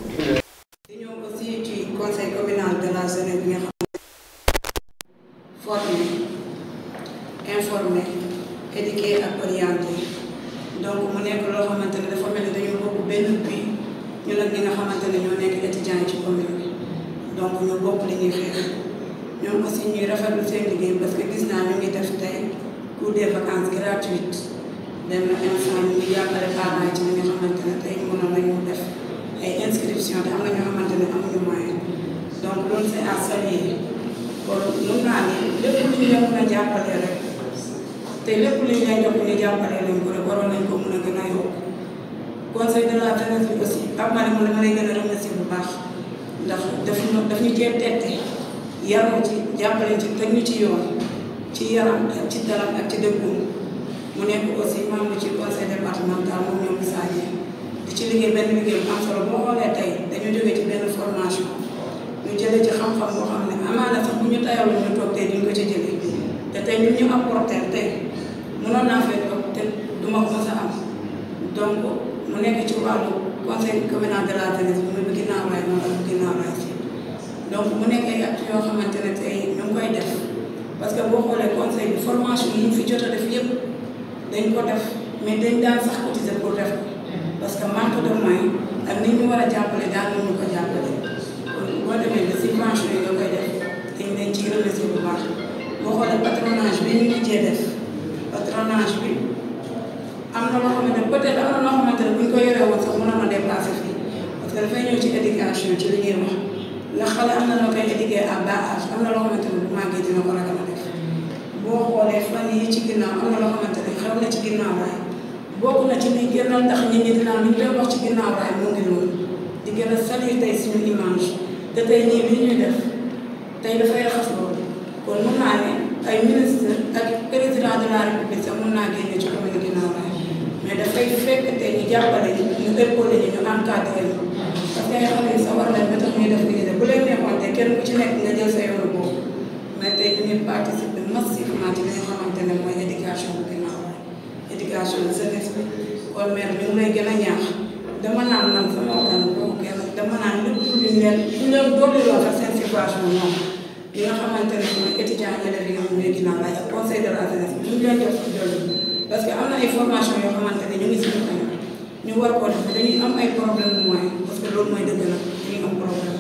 former informer éduquer ak orienter donc mu nekk loo xamante ne dafa dañoo bokk benn bi ñu nag ñi nga xamante ne ñoo nekk étudiant yi ci commune donc ñu bokk li ñuy xeex ñoom aussi ñuy rafetlu seen liggéey parce que gis naa ñu ngi def tey cours de vacances gratuites dem na instant ñu ngi def ay inscription te am na ñoo xamante ne amuñu moyen donc loolu c'est à kon mun naa ne lépp lu ñu mën a jàppale rek te lépp lu ñu lay jox ñu jàppale leen ko rek waroon nañ ko mun a gën a yokk conseil de la jeunesse bi aussi Pape Malick moom dama bu baax ndax daf ñu daf ñu cee tette yaru ci ci teg ñu ci yoon yaram ak ci dalam ak ci dëggoom mu nekk aussi membre ci conseil départemental moom ñoom Moussa di ci liggéey benn liggéey bu am solo boo xoolee tey dañu jógee ci benn formation ñu jëlee ci xam-xam boo xam ne amaana sax dayoo la ñu toog tey duñ ko ci jëlee te tey ñun ñu apporté tey mënoon naa fay toog te du ma ko a am donc mu nekk ci wàllu conseil communal de la jeunesse mu ne ginnaaw raay ma la ginnaaw raay si donc mu nekk ay actes yoo xamante ne tey ñu ngi koy def parce que boo xoolee conseil bi formation yi ñu fi jot a def yëpp dañ ko def mais dañ daan sax cotiser pour def parce que manque de moyens ak ni ñu war a jàppale daal ñu ko jàppale kon boo demee ba subvention yi nga koy def. dañ leen ciy remercier bu baax boo xoolee patronage bi ñu mujjee def patronage bi am na loo xamante ne peut être am na loo xamante ne bu ñu ko yoree woon sax mënoon a déplacé fii parce que dafay ñëw ci éducation ci li ngeen wax la xale am na loo koy éduquer à bas âge am na loo xamante ne bu màggee dina ko ragal a def boo xoolee fan yi ci ginnaaw am na loo xamante ne xew na ci ginnaaw raay bokk na ci liy gënal tax nit ñi dinaa ñu koy wax ci ginnaaw raay mu ngi noonu di gën a saluer tey suñu image te tey ñii li ñuy def. te dafay raxas loolu kon mun naa ne ay ministre ak président de la république sax mun naa génne ci commune Guinaw Rail mais dafay fekk tey ñu jàppale ñu ñu épaulé ñu ñu encadré ñu parce que nga xam ne sa war nañ ba tax ñuy def liggéey bu leen neexoon tey kenn ku ci nekk nga jël sa yoonu boobu mais tey ñu participer massivement ci li nga xamante ne mooy éducation bu Guinaw Rail éducation de jeunesse bi kon maire ñu ngi lay gën a ñaax dama naan man sama waxtaan boobu kenn dama naan lépp lu ñu leen ñu leen doole lool ak seen yi nga xamante ne mooy étudiants élèves yi nga xam ne ginnaaw laay ak conseil de la jeunesse bi ñu leen jox ci loolu parce que am na ay formation yoo xamante ne ñu ngi suñu kanam ñu war ko def dañuy am ay problème moyen parce que loolu mooy dëgg la dañuy am problème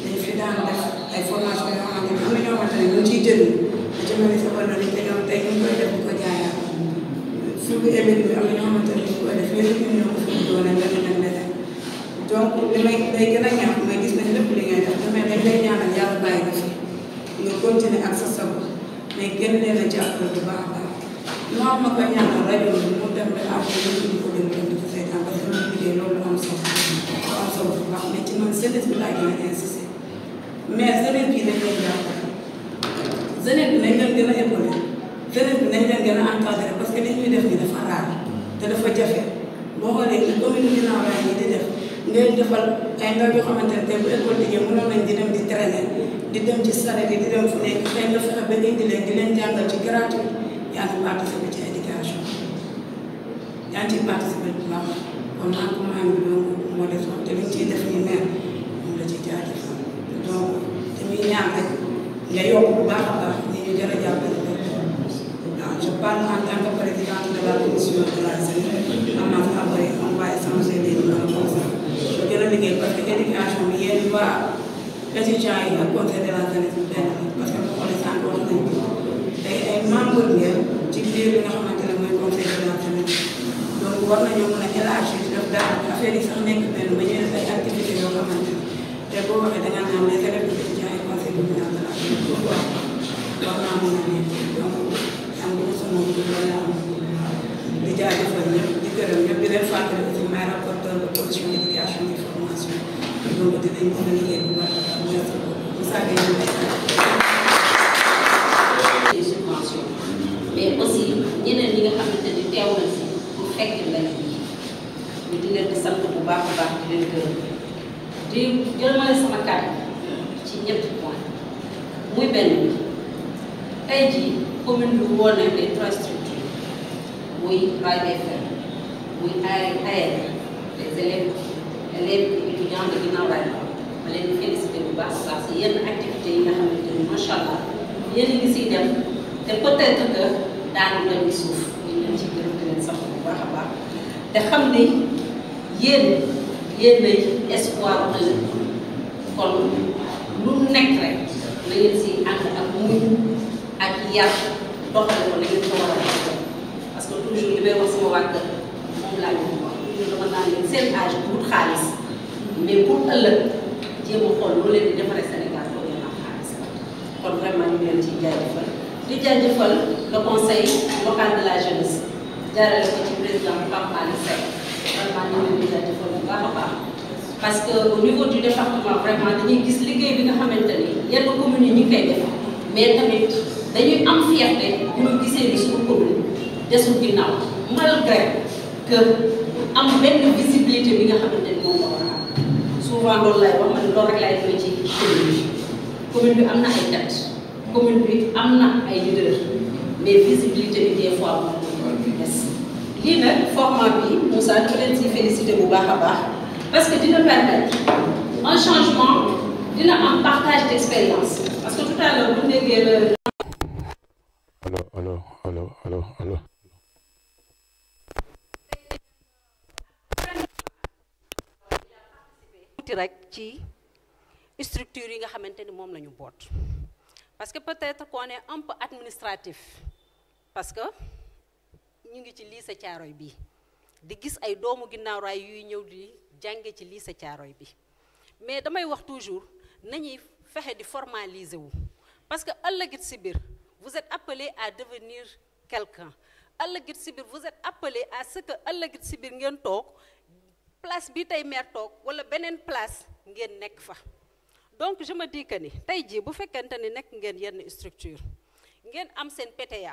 dañu fi daan def ay formation yoo xamante ne am na ñoo xamante ne ñu ngi ciy jënd da ci mel ni sa wàllu liggéey ñoom tey ñu ngi koy def bu ko jaayaat suñu élève bi am na ñoo xamante ne ñu koy def yéen ñu ñoo ko suñu doole nga ñu dem dese donc li may day gën a ñaax mooy gis nañ lépp li ngay def damay dañ lay ñaanal yàlla bàyyi ko fi nga continuer ak sa sago mais gën leen a jàppale bu baax a baax moo am ma ko ñaanal rajo bi mu dem ba àgg ñu ko dem dem di seetaan parce que mu liggéey loolu am solo am solo bu baax mais ci man jeunesse bi laa gën a insister mais jeunesse bi dañ leen jàppale jeunesse bi nañ leen gën a épaulé jeunesse bi nañ leen gën a encadré parce que li ñuy def ni dafa raar te dafa jafe boo xoolee commune Guinaw Rail yi di def. ngay defal ay ndaw yoo xamante ne tey bu école liggéey mënoon nañ di dem di traîner di dem ci saret bi di dem fu nekk xëy na fexe ba indi leen di leen jàngal ci gratuit yaa ngi participer ci éducation yaa ngi ciy participer bu baax kon naa ko maa ngi doon moo def wax te liñ ciy def ni meer moom la ciy jaajëfal donc dañuy ñaan rek nga yokk bu baax a baax ñi ñu jar a jàppale waaw je parle en tant que présidente de la commission de la jeunesse étudiants yi ak la jeunesse bi mu la parce que bu xoolee sànq wax nañ ko tey ay eh, membres ngeen ah, ci biir bi nga xamante ne mooy conseil de la jeunesse donc war nañoo mën a élargir def daal affaire yi sax nekk te boo waxee da ngaa naan les élèves étudiants la jeunesse pourquoi war naa Aliou Seck man maa ngi leen di jaajëfal bu baax a baax que au dañuy gis liggéey bi nga xamante ni yenn communes yi ñu ngi koy def mais tamit dañuy am fierté bu ñu gisee ni suñu commune desul ginnaaw am benn visibilité bi nga xamante ni moom moo souvent lay wax man loolu rek laay doy ci commune bi am na ay tête commune bi am na ay leader mais visibilité bi des Ce format nous Moussa féliciter leen si parce que nous permettre un changement un en partage d'expérience parce que tout à l'heure vous avez alors alors alors alors alors direct qui structure yi la nous parce que peut-être qu'on est un peu administratif parce que ñu ngi ci sa Thiaroye bi di gis ay doomu ginnaw ray yu ñew di jangé ci li sa Thiaroye bi mais damay wax toujours nañuy fexé di formaliser wu parce que ëllëgit si biir vous êtes appelé à devenir quelqu'un ëllëgit si biir vous êtes appelé à ce que ëllëgit si biir ngeen tok place bi tay mer tok wala benen place ngeen nek fa donc je me dis que ni tay ji bu fekkente ni nek ngeen yenn structure ngeen am sen PTA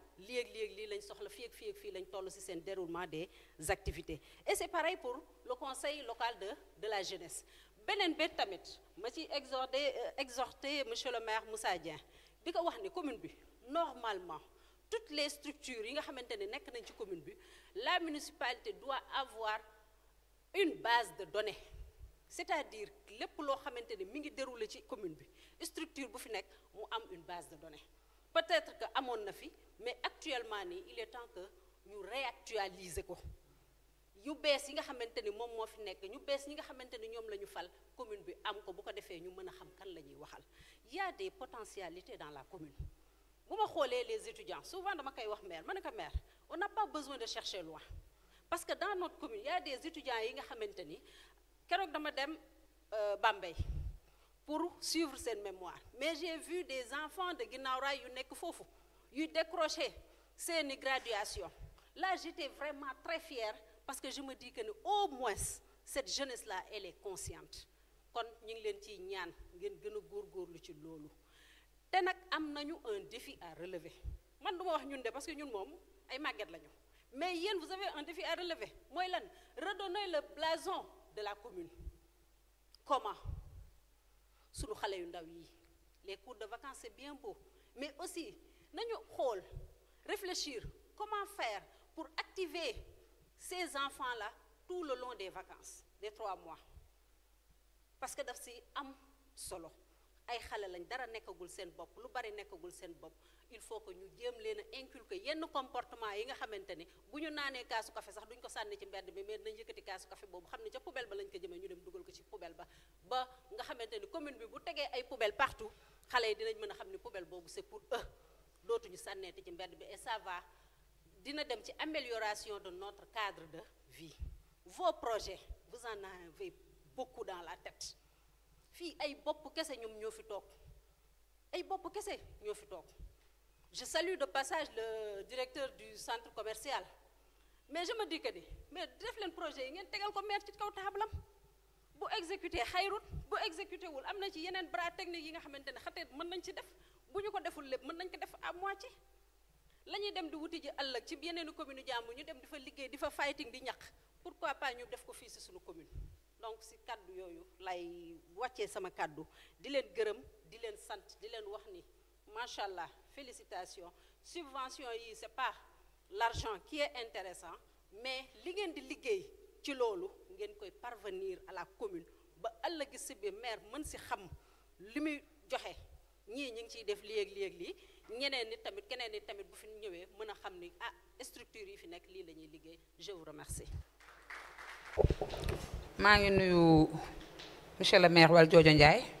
Lire, lire, lire ak lii lañ soxla fii ak fii ak fii lañ toll ci seen déroulement des activités et c'est pareil pour le conseil local de de la jeunesse Benen bi tamit je exhorter euh, exhorté monsieur le maire Moussa Dieng di ko wax la commune normalement toutes les structures qui nga dans la commune la municipalité doit avoir une base de données c'est-à-dire que les xamante qui mi ngi déroulé ci commune bi structure bu fi mu am une base de données peut-être que amoon na fi mais actuellement il est temps que ñu réactualiser ko yu bees yi nga xamante mom mo fi nek ñu bees yi nga xamante ñom lañu fal commune bi am ko bu ko défé ñu mëna xam kan lañuy waxal il y a des potentialités dans la commune buma xolé les étudiants souvent dama kay wax maire ma ne ko maire on n'a pas besoin de chercher loin parce que dans notre commune il y a des étudiants yi nga xamante kérok dama dem euh, Bambey pour suivre cette mémoire mais j'ai vu des enfants de Guinaw qui yu nekk foofu graduation là j'étais vraiment très fière parce que je me dis que au moins cette jeunesse là elle est consciente Comme nous, les leen ñaan un défi à relever Je ne vais pas ñun parce que nous, nous ay mais vous avez un défi à relever mooy lan redonner le blason de la commune comment les cours de vacances c'est bien beau mais aussi nous devons réfléchir comment faire pour activer ces enfants là tout le long des vacances des trois mois parce que c'est un am solo ay ne il faut que nous jëm leen inculquer comportement yi nga xamante bu café sax duñ ko sànni ci mbedd bi mais café boobu xam ne poubelle ba lañ ko jëmee ñu dem dugal ko ci poubelle ba nga xamante commune partout dinañ a c'est pour eux ci et ça va dina amélioration de notre cadre de vie vos projets vous en avez beaucoup dans la tête je salue de passage le directeur du centre commercial. Mais je me dis que, mais def len projet yi ngeen tégal ko maire ci kaw tablam. Bu exécuter xayrut, bu exécuter wul amna ci yenen bras technique yi nga xamantene xate meun nañ ci def. Buñu ko deful lepp meun nañ ko def à moitié. Lañuy dem di wuti ji ëlëk ci yenen commune jambu ñu dem di fa liggéey di fa fighting di ñak. Pourquoi pas ñu def ko fi ci suñu commune. donc ci cadre yoyu lay wàccee sama cadre di len gërëm di len sante di len wax ni macha félicitations subvention yi c'est pas l'argent qui est intéressant mais li ngeen di liggéey ci loolu ngeen koy parvenir à la commune ba ëllëg si biir maire mën si xam li muy joxe ñing ci def li ak li ak li ñeneen ni tamit keneen ni tamit bu fi ñëwé mëna xam ni ah structure yi fi nek li lañuy ñuy je vous remercie. ma ngi nuyu monsieur le maire wal jojo ndjay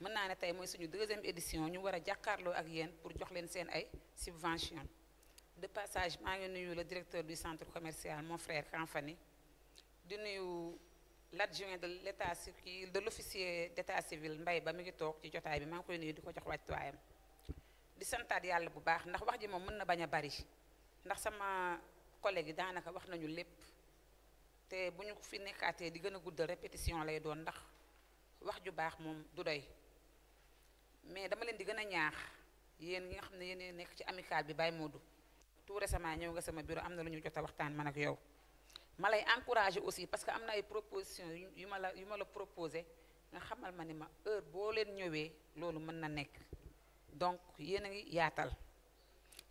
Maintenant, c'est la deuxième édition ñu ak pour jox leen de passage m'a ngi le directeur du centre commercial mon frère Kanfani di nuyu l'adjoint de l'état civil de l'officier d'état civil mbay ba mi ngi ci bi ngi koy nuyu di bu baax ndax wax ji mën na bari ndax sama collègue wax nañu fi répétition lay wax ju baax moom du doy mais dama leen di gën a ñaax yéen ñi nga xam ne yéen nekk ci amical bi Baye Modou tout récemment ñëw nga sama bureau am na lu ñu jot a waxtaan man ak yow ma lay encouragé aussi parce que am na ay proposition yu ma la yu ma la proposé nga xamal ma ni ma heure boo leen ñëwee loolu mën na nekk donc yéen a ngi yaatal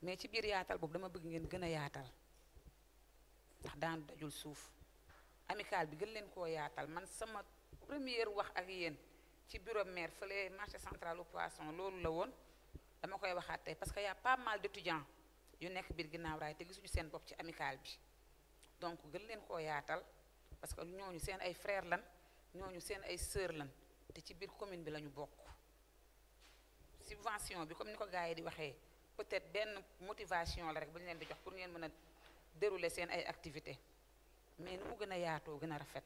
mais ci biir yaatal boobu dama bëgg ngeen gën a yaatal ndax daan dajul suuf amical bi gën leen koo yaatal man sama première wax ak yéen ci bureau maire fële marché central au poisson loolu la won dama koy waxaat tey parce que y' a pas mal d'étudiants yu nekk bir ginaaw ray te gisuñu sen bopp ci amical bi donc gën len ko yaatal parce que ñoñu sen ay frères lan ñoñu sen ay sœurs lan te ci bir commune bi lañu bok subvention bi comme ni ko gars di waxé peut-être ben motivation la rek buñu len di jox pour ngeen mëna dérouler sen ay activités mais nu gëna gën gëna rafet.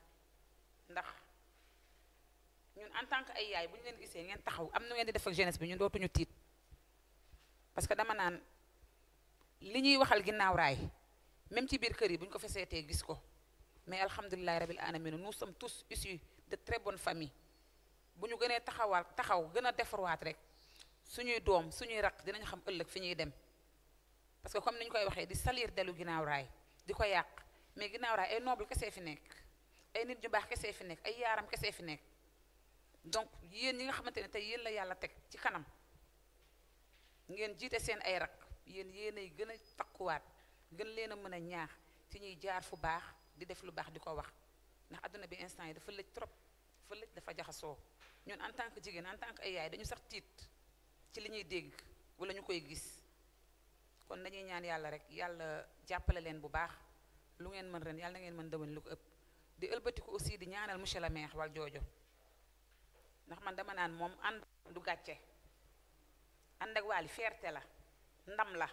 ndax ñun en tant que ay yaay bu ñu leen gisee ngeen taxaw am na ngeen di def ak jeunesse bi ñun dootuñu tiit parce que dama naan li ñuy waxal ginnaaw raay même ci biir kër yi bu ñu ko feseetee gis ko mais alhamdulilah rabil alamin nous sommes tous issus de très bonne famille bu ñu gënee taxawal taxaw gën a defarwaat rek suñuy doom suñuy raq dinañ xam ëllëg fu ñuy dem parce que comme ni ñu koy waxee di saliir dellu ginnaaw raay di ko yàq mais ginnaaw raay ay noble fi nekk. ay nit ñu baax kese fi nekk ay yaaram kese fi nekk donc yéen ñi nga xamante ne tey yéen la yàlla teg ci kanam ngeen jiite seen ay rak yéen yéenay gën a takkuwaat gën leen mën a ñaax ci ñuy jaar fu baax di def lu baax di ko wax ndax àdduna bi instant yi dafa lëj trop dafa lëj dafa jaxasoo ñoon en tant que jigéen en tant que ay yaay dañu sax tiit ci li ñuy dégg wala ñu koy gis kon nañuy ñaan yàlla rek yàlla jàppale leen bu baax lu ngeen mën ren yàlla ngeen mën dëwén lu ko ëpp di ëlbatiku aussi di ñaanal monsieur la maire wal jojo ndax man dama naan mom ànd du gatché ànd ak wali fierté la ndam la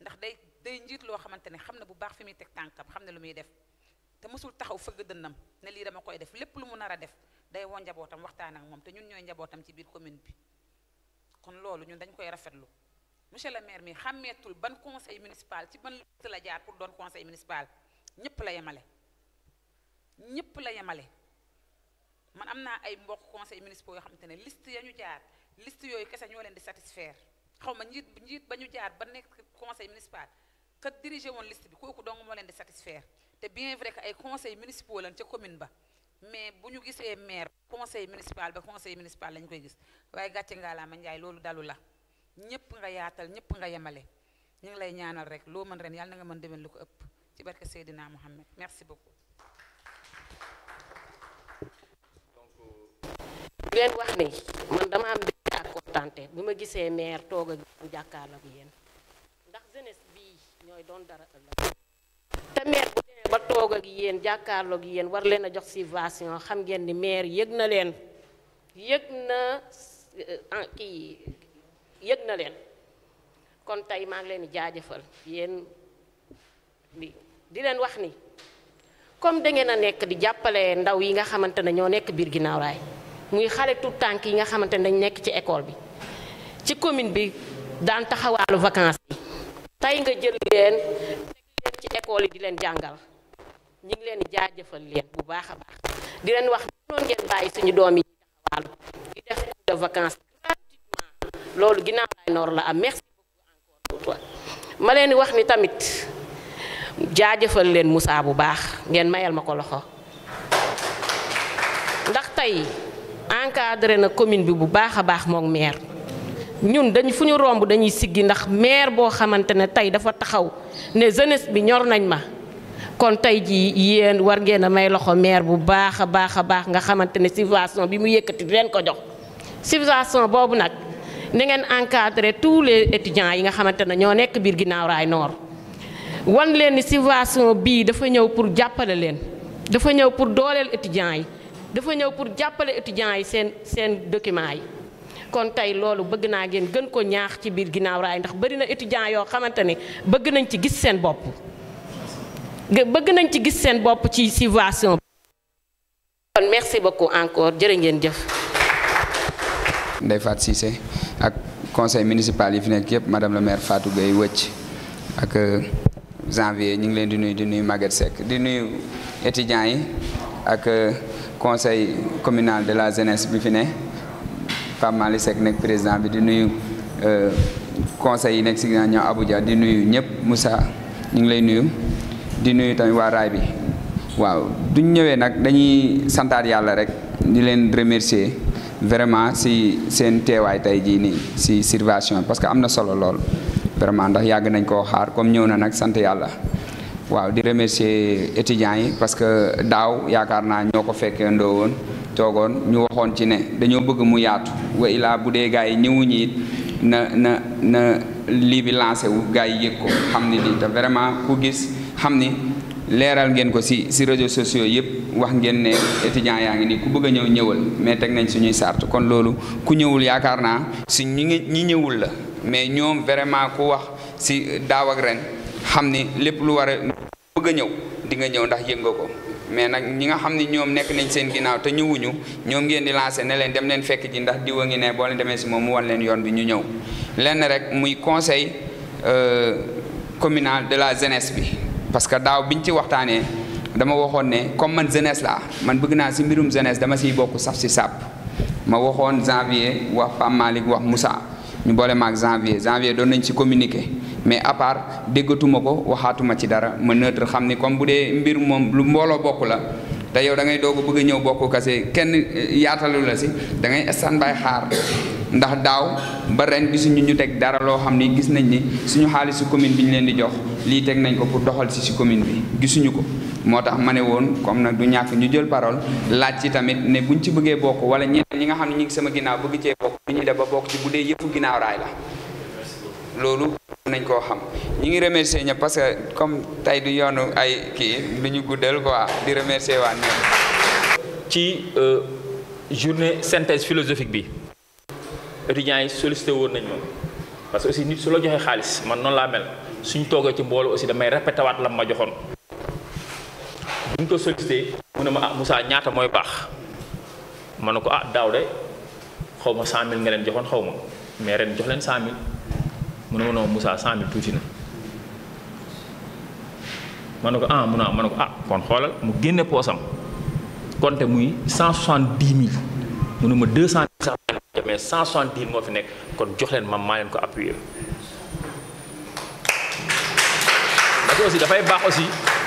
ndax day day njit lo xamante xamna bu baax fi mi tek tànkam xamna lu muy def te musul taxaw feug dënnam ne li dama koy def lépp lu mu nara def day woo njabotam waxtaan ak mom te ñun ñoy njabotam ci biir commune bi kon loolu ñun dañ koy rafetlu monsieur le maire mi xametul ban conseil municipal ci ban la jaar pour don conseil municipal ñëpp la yemale ñëpp la yemale man am naa ay mbokk conseil municipal yoo xamante ne liste ya ñu jaar list yooyu kese ñoo leen di satisfaire xaw ma njiit njiit ba ñu jaar ba nekk conseil municipal ka dirigé woon list bi kooku dong moo leen di satisfaire te bien vrai que ay conseil municipal lañ ca commune ba mais bu ñu gisee maire conseil municipal ba conseil municipal lañ koy gis waaye gàcce ngaa laa njaay loolu dalu la ñëpp nga yaatal ñëpp nga yemale ñu ngi lay ñaanal rek loo mën ren yàlla nga mën demeen lu ko ëpp ci barke Seydina Mohamed merci beaucoup. Euh, di leen wax ni man dama am mbégte ak kontante bi ma gisee maire toog ak jàkkaarloog yéen ndax jeunesse bii ñooy doon dara ëllëg te maire bu demee ba toog ak yéen jàkkaarloog yéen war leen a jox subvention xam ngeen ni maire yëg na leen yëg na euh, kii yëg na leen kon tey maa ngi leen di jaajëfal yéen di leen wax ni comme da ngeen a nekk di jàppale ndaw yi nga xamante ne ñoo nekk biir ginnaaw raay muy xale tout tànk yi nga xamante ne dañ nekk ci école bi ci commune bi daan taxawaalu vacance yi tey nga jël leen ci école yi di leen jàngal ñi ngi leen di jëfal leen bu baax a baax di leen wax noonu suñu doom yi taxawaalu di def loolu ginnaaw raay noor la am merci ma leen wax ni tamit jaajëfal leen Moussa bu baax ngeen mayal ma ko loxo ndax tey encadré na commune bi bu baax a baax moom maire ñun dañ fu ñu romb dañuy siggi ndax maire boo xamante ne tey dafa taxaw ne jeunesse bi ñor nañ ma kon tey jii yéen war ngeen a may loxo maire bu baax a baax a baax nga xamante ne subvention bi mu yëkkati leen ko jox subvention boobu nag na ngeen encadré tous les étudiants yi nga xamante ne ñoo nekk biir ginnaaw raay noor wan leen ni subvention bii dafa ñëw pour jàppale leen dafa ñëw pour dooleel étudiants yi dafa ñëw pour jàppale étudiants yi seen seen documents yi kon tey loolu bëgg naa ngeen gën ko ñaax ci biir ginnaaw raay ndax bari na étudiants yoo xamante ne bëgg nañ ci gis seen bopp bëgg nañ ci gis seen bopp ci subvention kon merci beaucoup encore jërë ngeen jëf Ndeye Fatou Cissé ak conseil municipal yi fi nekk yëpp madame le maire Fatou Gueye wëcc ak euh, janvier ñu ngi leen di nuyu di nuyu Maguette Seck di nuyu étudiants yi ak euh, conseil communal de la jeunesse bi fi ne Pape Malick nekk président bi di nuyu euh, conseil yi nekk si ginnaaw ñoom Abuja di nuyu ñëpp Moussa ñu ngi lay nuyu di nuyu tamit waa bi waaw duñ ñëwee nag dañuy santaat yàlla rek di leen remercier vraiment si seen teewaay tey jii nii si situation parce que am na solo lool vraiment ndax yàgg nañ koo xaar comme ñëw na nag sant yàlla waaw di remercier étudiants yi parce que daaw yaakaar naa ñoo ko fekkee ndoo woon toogoon ñu waxoon ci ne dañoo bëgg mu yaatu wa ilaa bu dee gars yi ñëwuñu it na na na lii bi lancé wu gars yi yëg ko xam ni lii te vraiment ku gis xam ni leeral ngeen ko si si réseaux sociaux yëpp wax ngeen ne étudiants yaa ngi nii ku bëgg a ñëw ñëwal mais teg nañ suñuy sart kon loolu ku ñëwul yaakaar naa si ñi ñi ñëwul la mais ñoom vraiment ku wax si daaw ak ren xam ni lépp lu war a bëgg a ñëw di nga ñëw ndax yëg ko mais nag ñi nga xam ni ñoom nekk nañ seen ginnaaw te ñëwuñu ñoom ngeen di lancé ne leen dem leen fekk ji ndax diwa ngi ne boole leen demee si moom mu wan leen yoon bi ñu ñëw lenn rek muy conseil euh, communal de la jeunesse bi parce que daaw biñ ci waxtaanee dama waxoon ne comme man jeunesse laa man bëgg naa si mbirum jeunesse dama siy bokk saf si sàpp ma waxoon janvier wax Pape Malick wax Moussa ñu boole maag janvier janvier doon nañ ci communiqué mais à part déggatuma ko waxaatuma ci dara ma neutre xam ni comme bu dee mbir moom lu mbooloo bokk la te yow da ngay doog a bëgg a ñëw bokk kase kenn eh, yaatalu la si dangay ngay stand xaar ndax daaw ba ren gisuñu ñu teg dara loo xam ni gis nañ ni suñu xaalisu commune bi ñu leen di jox lii teg nañ ko pour doxal ci si commune bi gisuñu ko moo tax ma ne woon comme nag du ñàkk ñu jël parole laaj ci tamit ne buñ ci bëggee bokk wala ñeneen ñi nga xam ne ñu ngi sama ginnaaw bëgg cee bokk ñu ñuy def ba bokk ci bu dee yëfu ginnaaw raay la loolu nañ koo xam ñi ngi remercier ñëpp parce que comme tey du yoonu ay kii lu ñu guddal quoi di remercier waa ñoom. ci euh, journée synthèse philosophique bi étudiants yi sollicité woon nañ moom parce que aussi nit su la joxee xaalis man noonu laa mel suñ toogee ci mbooloo aussi damay répété waat la ma joxoon. buñ ko sollicité mu ne ma ah Moussa ñaata mooy baax ma ne ko ah daaw de xaw ma 100000 nga leen joxoon xaw ma mais ren jox leen 100000 mu ne ma non Moussa 100000 tuuti na. ma ne ko ah mu ne ma ne ko ah kon xoolal mu génne poosam compté muy 170000 mu ne ma 200 sax mais 170000 moo fi nekk kon jox leen ma maa leen ko appuyer. parce que aussi dafay baax aussi.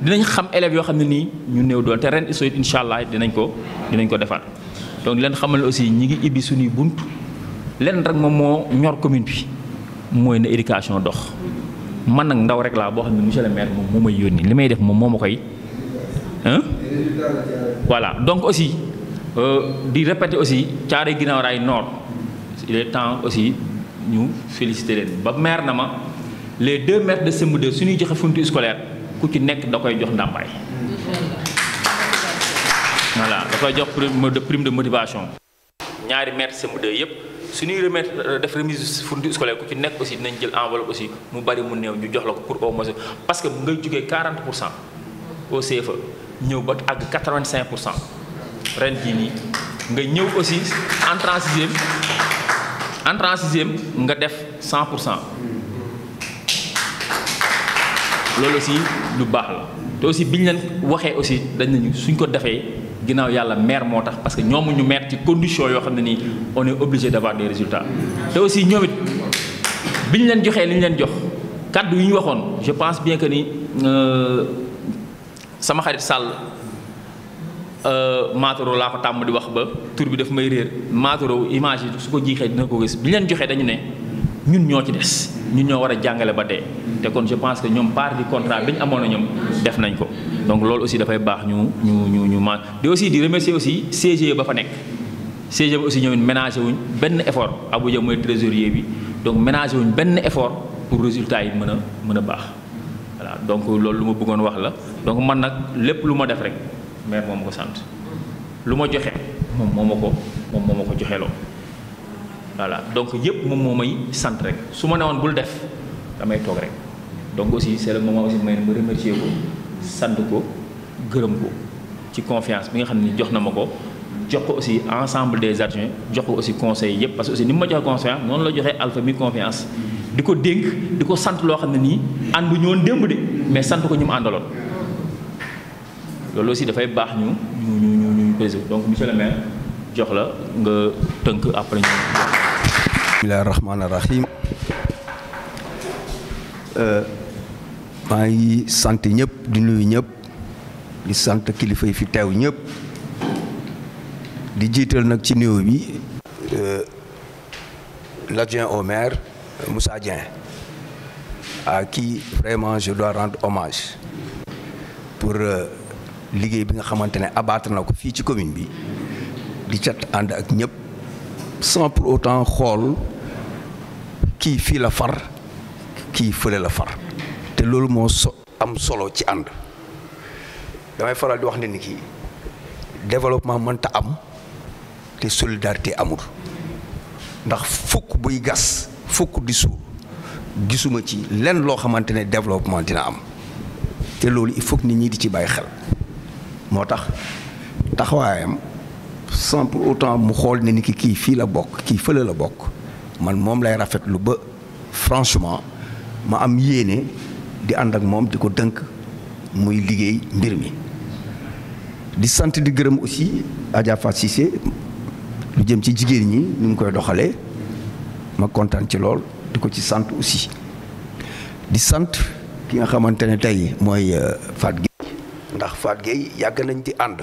dinañ xam élèves yoo xam ne nii ñu néew doole te ren ISO incha allah dinañ ko dinañ ko defar donc leen xamal aussi ñi ngi ibbi suñuy bunt lenn rek moom moo ñor commune bi mooy na éducation dox man nag ndaw rek laa boo xam ne monsieur le maire moom moo may yónni li may def moom moo ma koy voilà donc aussi euh, di répéter aussi Thiaroye Ginaaw Rail Nord il temps aussi ñu féliciter leen ba maire na ma les deux maires de Sembou 2 suñuy joxe funtu scolaire ku ci nekk da koy jox ndàmpaay voilà da koy jox prime de prime de motivation ñaari maître CM2 yëpp su ñuy remettre euh, def remise fourniture scolaire ku ci nekk aussi dinañ jël enveloppe aussi mu bari mu néew ñu jox la ko pour au moins parce que ngay jógee 40 pour cent au CFA e, ñëw ba àgg cinq pour cent ren jii nii nga ñëw aussi entrant sixième entrant nga def cent pour cent lolu aussi du bax la te aussi biñ len waxee aussi dañ nañu suñ ko dafé ginaaw yalla mère motax parce que ñoomu ñu mère ci condition yo xam ne on est obligé d'avoir des résultats te aussi ñomit biñ len joxé liñ len jox kaddu yiñ ñu je pense bien que ni euh sama xarit sal euh maturo la ko tam di wax ba tour bi daf may reer maturo image yi su ko jiixee dina ko gis biñ len joxé dañu né ñun ñoo ci dess ñu ñoo war a jàngale ba dee te kon je pense que ñoom part du contrat bi ñu amoon na ñoom def nañ ko donc loolu aussi dafay baax ñu ñu ñu ñu man di aussi di remercier aussi CGE ba fa nekk CGE ba aussi ñoom ménagé wuñ benn effort Abou mooy mooy trésorier bi donc ménagé wuñ benn effort pour résultat yi mën a mën a baax voilà donc loolu lu ma bëggoon wax la donc man nag lépp lu ma def rek maire moom ma ko sant lu ma joxe moom moo ma ko moom moo ma ko joxeloo voilà donc je donc aussi c'est le moment aussi me remercier ko ko confiance aussi ensemble des agents, jox aussi conseil parce que aussi ni confiance nous la confiance Du nous avons du coup mais Bismillahirrahmanirrahim. rahmaani euh, rahim maa ngi sant ñëpp di nuyu ñëpp di sant kilifa yi fi di nak ci bi euh, l'adjoint au maire Moussa à qui vraiment je dois rendre hommage pour euh, liggéey bi nga xamantene abattre na ko fii ci commune bi di chat and ak ñep sans pour autant xool kii fii la far kii fële la far te loolu moo so am solo ci ànd damay faral di wax ne ni kii développement mënta am te solidarité amul ndax fukk buy gas fukk di suur gisuma ci lenn loo xamante ne développement dina am te loolu il faut nit ñi di ci bàyyi xel moo tax taxawaayam sans pour autant mu xool ne ni ki kii fii la bokk kii fële la bokk man moom lay rafetlu ba franchement ma am yéene di ànd ak moom di ko dënk muy liggéey mbir mi di sant di gërëm aussi Adja Fatou lu jëm ci jigéen ñi ñu ngi koy doxalee ma kontaan ci lool di ko ci sant aussi di sant ki nga xamante ne tey mooy euh, Fatou Gueye ndax Fatou Gueye yàgg nañ di ànd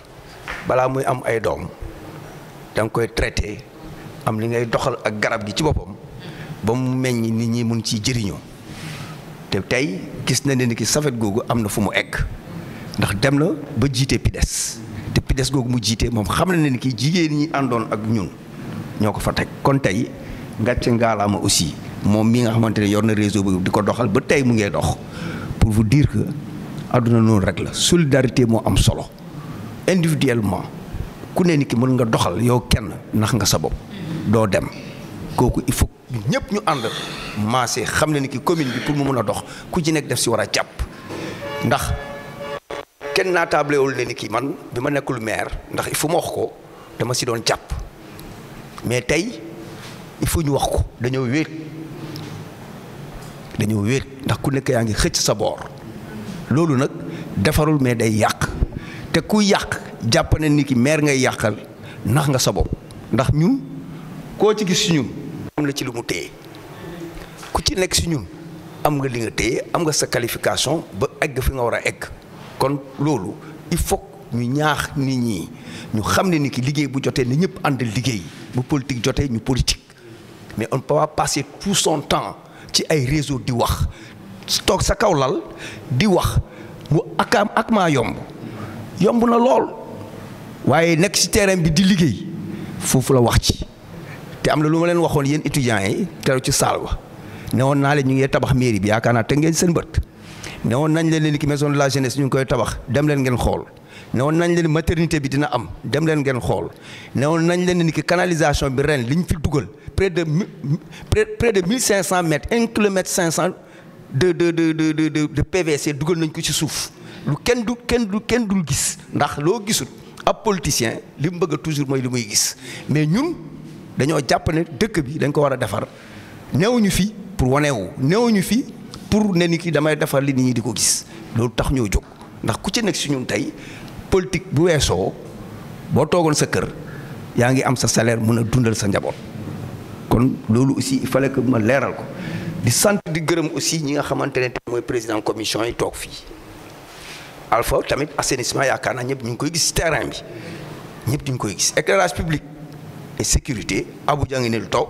balaa muy am ay doom danga koy traité am li ngay doxal ak garab gi ci boppam ba mu meññ nit ñi mun ci jëriñoo te tey gis na ne ni ki safet googu am na fu mu egg ndax dem na ba jiite PIDES te PIDES googu mu jiitee moom xam na ne ni ki jigéen ñi àndoon ak ñun ñoo ko fa teg kon tey ngàcc ngaalaama aussi moom mii nga xamante ne yor na réseau bi di ko doxal ba tey mu ngee dox pour vous dire que àdduna noonu rek la solidarité moo am solo individuellement ku ne niki mën nga doxal yow kenn nax nga sa bop do dem koku il faut ñepp ñu and maase xam ne ni commune bi pour mu mëna dox ku ci nek def ci wara japp ndax kenn na tablé wol ni niki man bima nekul maire ndax il faut mo wax ko dama si doon japp mais tay il faut ñu wax ko dañu wéet dañu wéet ndax ku nek yaangi xëc sa bor lolu nak defarul mais day yak te ku yàq jàpp na ni ki maire ngay yàqal nax nga sa bopp ndax ñun koo ci gis si ñun am na ci lu mu téye ku ci nekk si ñun am nga li nga téye am nga sa qualification ba egg fi nga war a egg kon loolu il faut ñu ñaax nit ñi ñu xam ne ni ki liggéey bu jotee na ñëpp ànd liggéey bu politique jotee ñu politique mais on peut pas passer tout son temps ci ay réseau di wax toog sa kaw lal di wax mu akaam ak maa yomb yomb na lool waaye nekk ci terrain bi di liggéey foofu la wax ci te am na lu ma leen waxoon yéen étudiants yi teru ci saal ba ne naa leen ñu ngi tabax mairie bi yaakaar naa te ngeen seen bët ne woon nañ leen leen ki maison la jeunesse ñu ngi koy tabax dem leen ngeen xool ne woon nañ leen maternité bi dina am dem leen ngeen xool ne woon nañ leen ni ki canalisation bi ren li ñu fi dugal près de près de 1500 mètres 1 kilomètre 500 de de de de de PVC dugal nañ ko ci suuf. lu kenn du kenn du kenn dul gis ndax loo gisut ab politicien li mu bëgg toujours mooy li muy gis mais ñun dañoo jàpp ne dëkk bi dañ ko war a defar néewuñu fi pour waneewu néewuñu fi pour ne ni ki damay defar li nit ñi di ko gis loolu tax ñoo jóg ndax ku ci nekk si ñun tey politique bu weesoo boo toogoon sa kër yaa ngi am sa salaire mun a dundal sa njaboot kon loolu aussi i fa fallait que ma leeral ko di sant di gërëm aussi ñi nga xamante ne tey mooy président commission yi toog fii alpha tamit assainissement yaakaar naa ñëpp ñu ngi koy gis terrain bi ñëpp ñu ngi koy gis éclairage public et sécurité Abuja ngi ne lu toog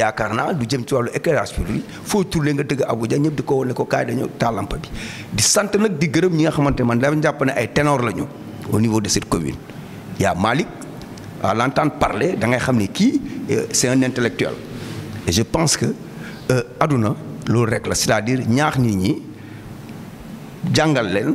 yaakaar naa lu jëm ci wàllu éclairage public foo turlee nga dëgg Abuja ñëpp di ko wane ko kaay dañoo tàllampa bi di sant nag di gërëm ñi nga xamante man dama jàpp ne ay ténor la ñu au niveau de cette commune ya Malick à l'entendre parler da ngay xam ne kii euh, c'est un je pense que euh, aduna loolu rek la c'est-à-dire ñaax nit ñi jàngal leen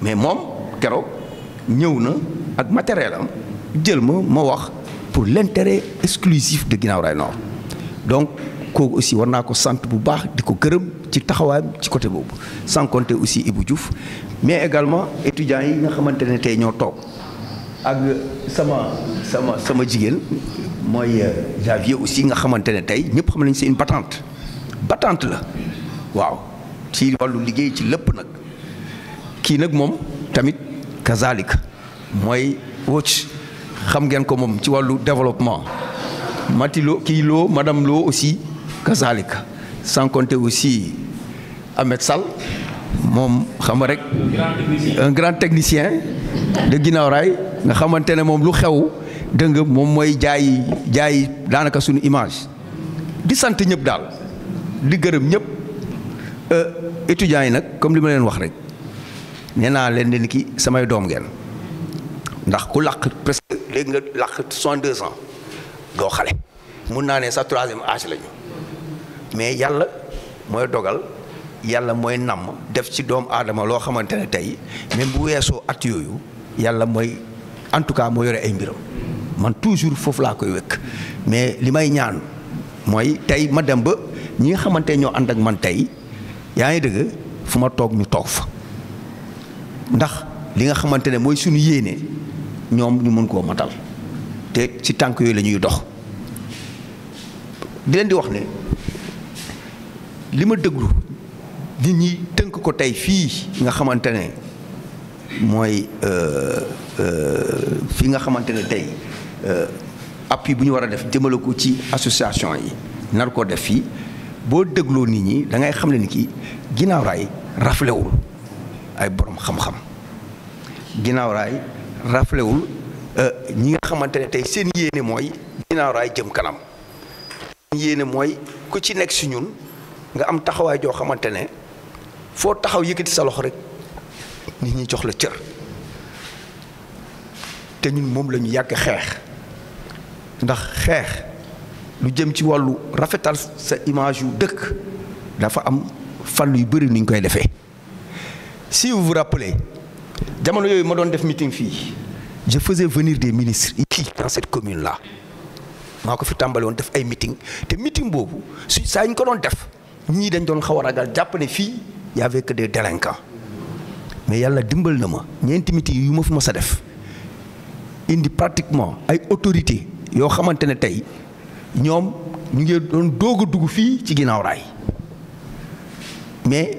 mais mom kéro nous ak matérielam pour l'intérêt exclusif de Guinaw raynor. Nord donc ko aussi war centre ko bu baax ci ci côté sans compter aussi Ibou mais également étudiants yi nga tay ñoo Nous ak sama sama sama jigéen moy euh, Javier aussi nga xamante ne tey xam nañ c'est une la waaw ci liggéey ci ki nak mom tamit kazalik moy xam ko mom ci walu développement matilo madame lo aussi kazalik sans compter aussi Ahmed Sal, mom xam un grand technicien de Guinaw ray nga xamantene lu xew mom jaay jaay sunu image di sante ñep dal di gërëm euh, étudiants yi comme li ma nee naa leen ne ki samay doom ngeen ndax ku làq presque léegi nga làq soixante-deux ans doo xale mun naa ne sa troisième âge la mais yàlla mooy dogal yàlla mooy namm def ci doomu aadama loo xamante ne tey même bu weesoo at yooyu yàlla mooy en tout cas moo yore ay mbiram man toujours foofu laa koy wékk mais li may ñaan mooy tey ma dem ba ñi nga xamante ñoo ànd ak man tey yaa ngi dëgg fu ma toog ñu toog fa ndax li nga xamante ne mooy suñu yéene ñoom ñu mën koo matal te ci tànk yooyu lañuy dox di di wax ne li ma déglu nit ñi tënk ko tey fii nga xamante ne mooy euh, euh, fii nga xamante ne tey euh, appui bu ñu war a def jëmale ko ci association yi nar koo def fii boo dégloo nit ñi da ngay xam ne ni ki ginnaaw raay raflewul ay borom xam-xam ginnaaw raay raflewul euh, ñi nga xamante ne tey seen yéene mooy ginnaaw raay jëm kanam seen yéene mooy ku ci nekk si ñun nga am taxawaay joo xamante ne foo taxaw yëkkati sa loxo rek nit ñi jox la cër te ñun moom lañu ñu xeex ndax xeex lu jëm ci wàllu rafetal sa image yu dëkk dafa am fàll yu bëri ni ñu koy defee. si vous vous rappelez jamono yooyu ma doon def meeting fii je faisais venir des ministres ici dans cette commune là maa ko fi tàmbali woon def ay meeting te meeting boobu su saa ñu ko doon def ñii dañ doon xaw a ragal jàpp ne fii y avait que des délinquants mais yàlla dimbal na ma ñeenti meeting yu ma fi mës a def indi pratiquement ay autorités yoo xamante ne tey ñoom ñu ngi doon doog a dugg fii ci ginnaaw raay mais.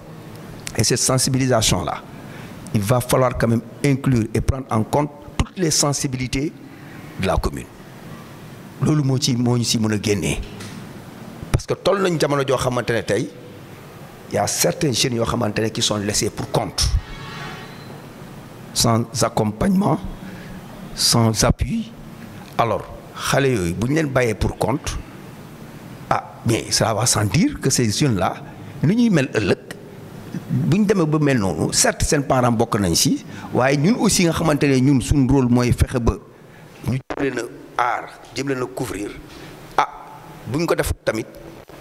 Et cette sensibilisation-là, il va falloir quand même inclure et prendre en compte toutes les sensibilités de la commune. loolu moo ci parce que tout nañ jamono joo il y a certains jeunes qui sont laissés pour compte sans accompagnement sans appui alors si nous bu ñu pour compte ah mais ça va sans dire que ces jeunes là ni ñuy mel ëllëg. bu ñu demee ba mel noonu certes seen parents bokk nañ si waaye ñun aussi nga xamante ne ñun suñu rôle mooy fexe ba ñu jëm na a aar jëm leen couvrir ah bu ñu ko def tamit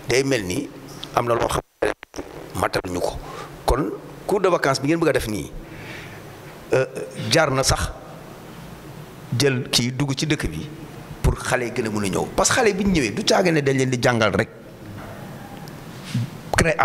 day mel ni am na loo xam ñu ko kon cours de vacances bi ngeen bëgg a def nii euh, jaar na sax jël kii dugg ci dëkk bi pour xale yi gën a mën ñëw parce que xale bi ñu ñëwee du caage ne dañ leen di jàngal rek créé à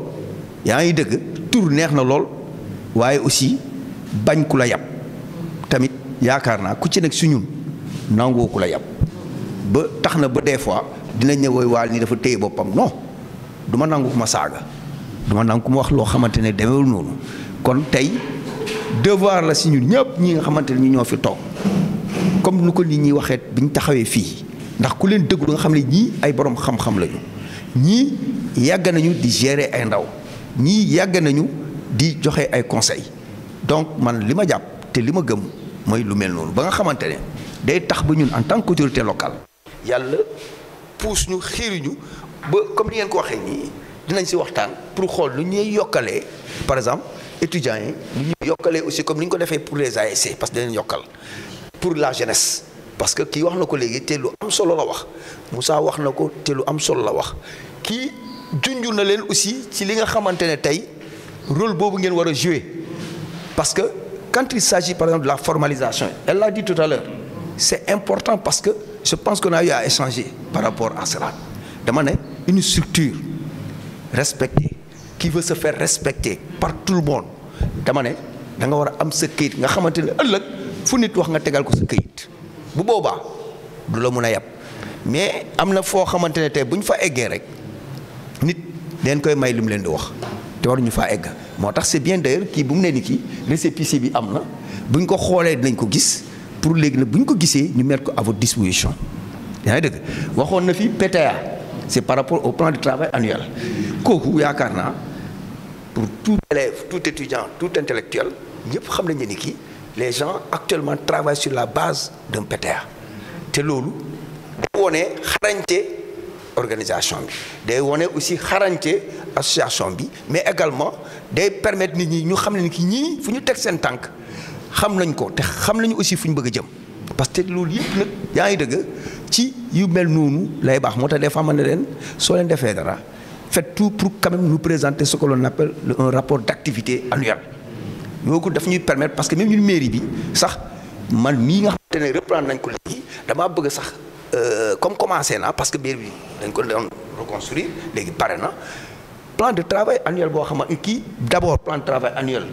yaa ngi dëgg tur neex na lool waaye aussi bañ ku la yab tamit yaakaar naa ku ci nekk su ñun nangoo ku la yab ba tax na ba des fois dinañ ne woy waal ni dafa téye boppam non duma ma nangu ku ma saaga duma ma nangu ku wax loo xamante ne demewul noonu kon tey devoir la si ñun ñëpp ñi nga xamante ne ñu ñoo fi toog comme nu ko nit ñi waxee bi ñu taxawee fii ndax ku leen dëgg du nga xam ne ñii ay borom xam-xam lañu ñii yàgg nañu di gérer ay ndaw. ñii yàgg nañu di joxe ay conseil donc man li ma jàpp te li ma gëm mooy lu mel noonu ba nga xamante ne day tax ba ñun en tant qu'autorité locale yàlla puus ñu xiiriñu ba comme li ngeen ko waxee nii dinañ si waxtaan pour xool lu ñuy yokkalee par exemple étudiants yi lu ñuy yokkalee aussi comme ni ñu ko defee pour les ASC parce que dinañ yokkal pour la jeunesse parce que kii wax na ko léegi te lu am solo la wax Moussa wax na ko te lu am solo la wax junjul na aussi ci li nga xamante ne le rôle que ngeen war jouer parce que quand il s'agit par exemple de la formalisation elle l'a dit tout à l'heure c'est important parce que je pense qu'on a eu à échanger par rapport à cela dama une structure respectée qui veut se faire respecter par tout le monde dama ne da nga war a am sa këyit nga xamantene ne ëllëg fu nit wax nga tégal ko sa këyit bu boobaa du la mun a mais am fo xamantene tay ne fa éggé rek nit dañ koy may lu mu leen di wax te ñu fa egg motax c'est bien d'ailleurs ki bu mu nee ni kii récépissé bi amna buñ ko xolé dañ ko gis pour légui nag buñ ko gissé ñu mettre ko à votre disposition. yaa ngi dëgg waxoon na fi PTA c'est par rapport au plan de travail annuel kooku yaakaar na pour tout élève tout étudiant tout intellectuel ñep xam nañu ni les gens actuellement travaillent sur la base d'un PTA té lolu bu wonee xarañte organisation bi on est aussi à association bi mais également day permettre nit ñi ñu xam ki ñi fu ñu aussi parce que lool yépp nak dëgg ci yu mel des fois leen tout pour quand même nous présenter ce que l'on appelle un rapport d'activité annuel beaucoup daf ñuy permettre parce que même ñun mairie bi sax man nañ ko euh, comme commencé là parce que bien bi dañ ko reconstruire les plan de travail annuel d'abord le plan de travail annuel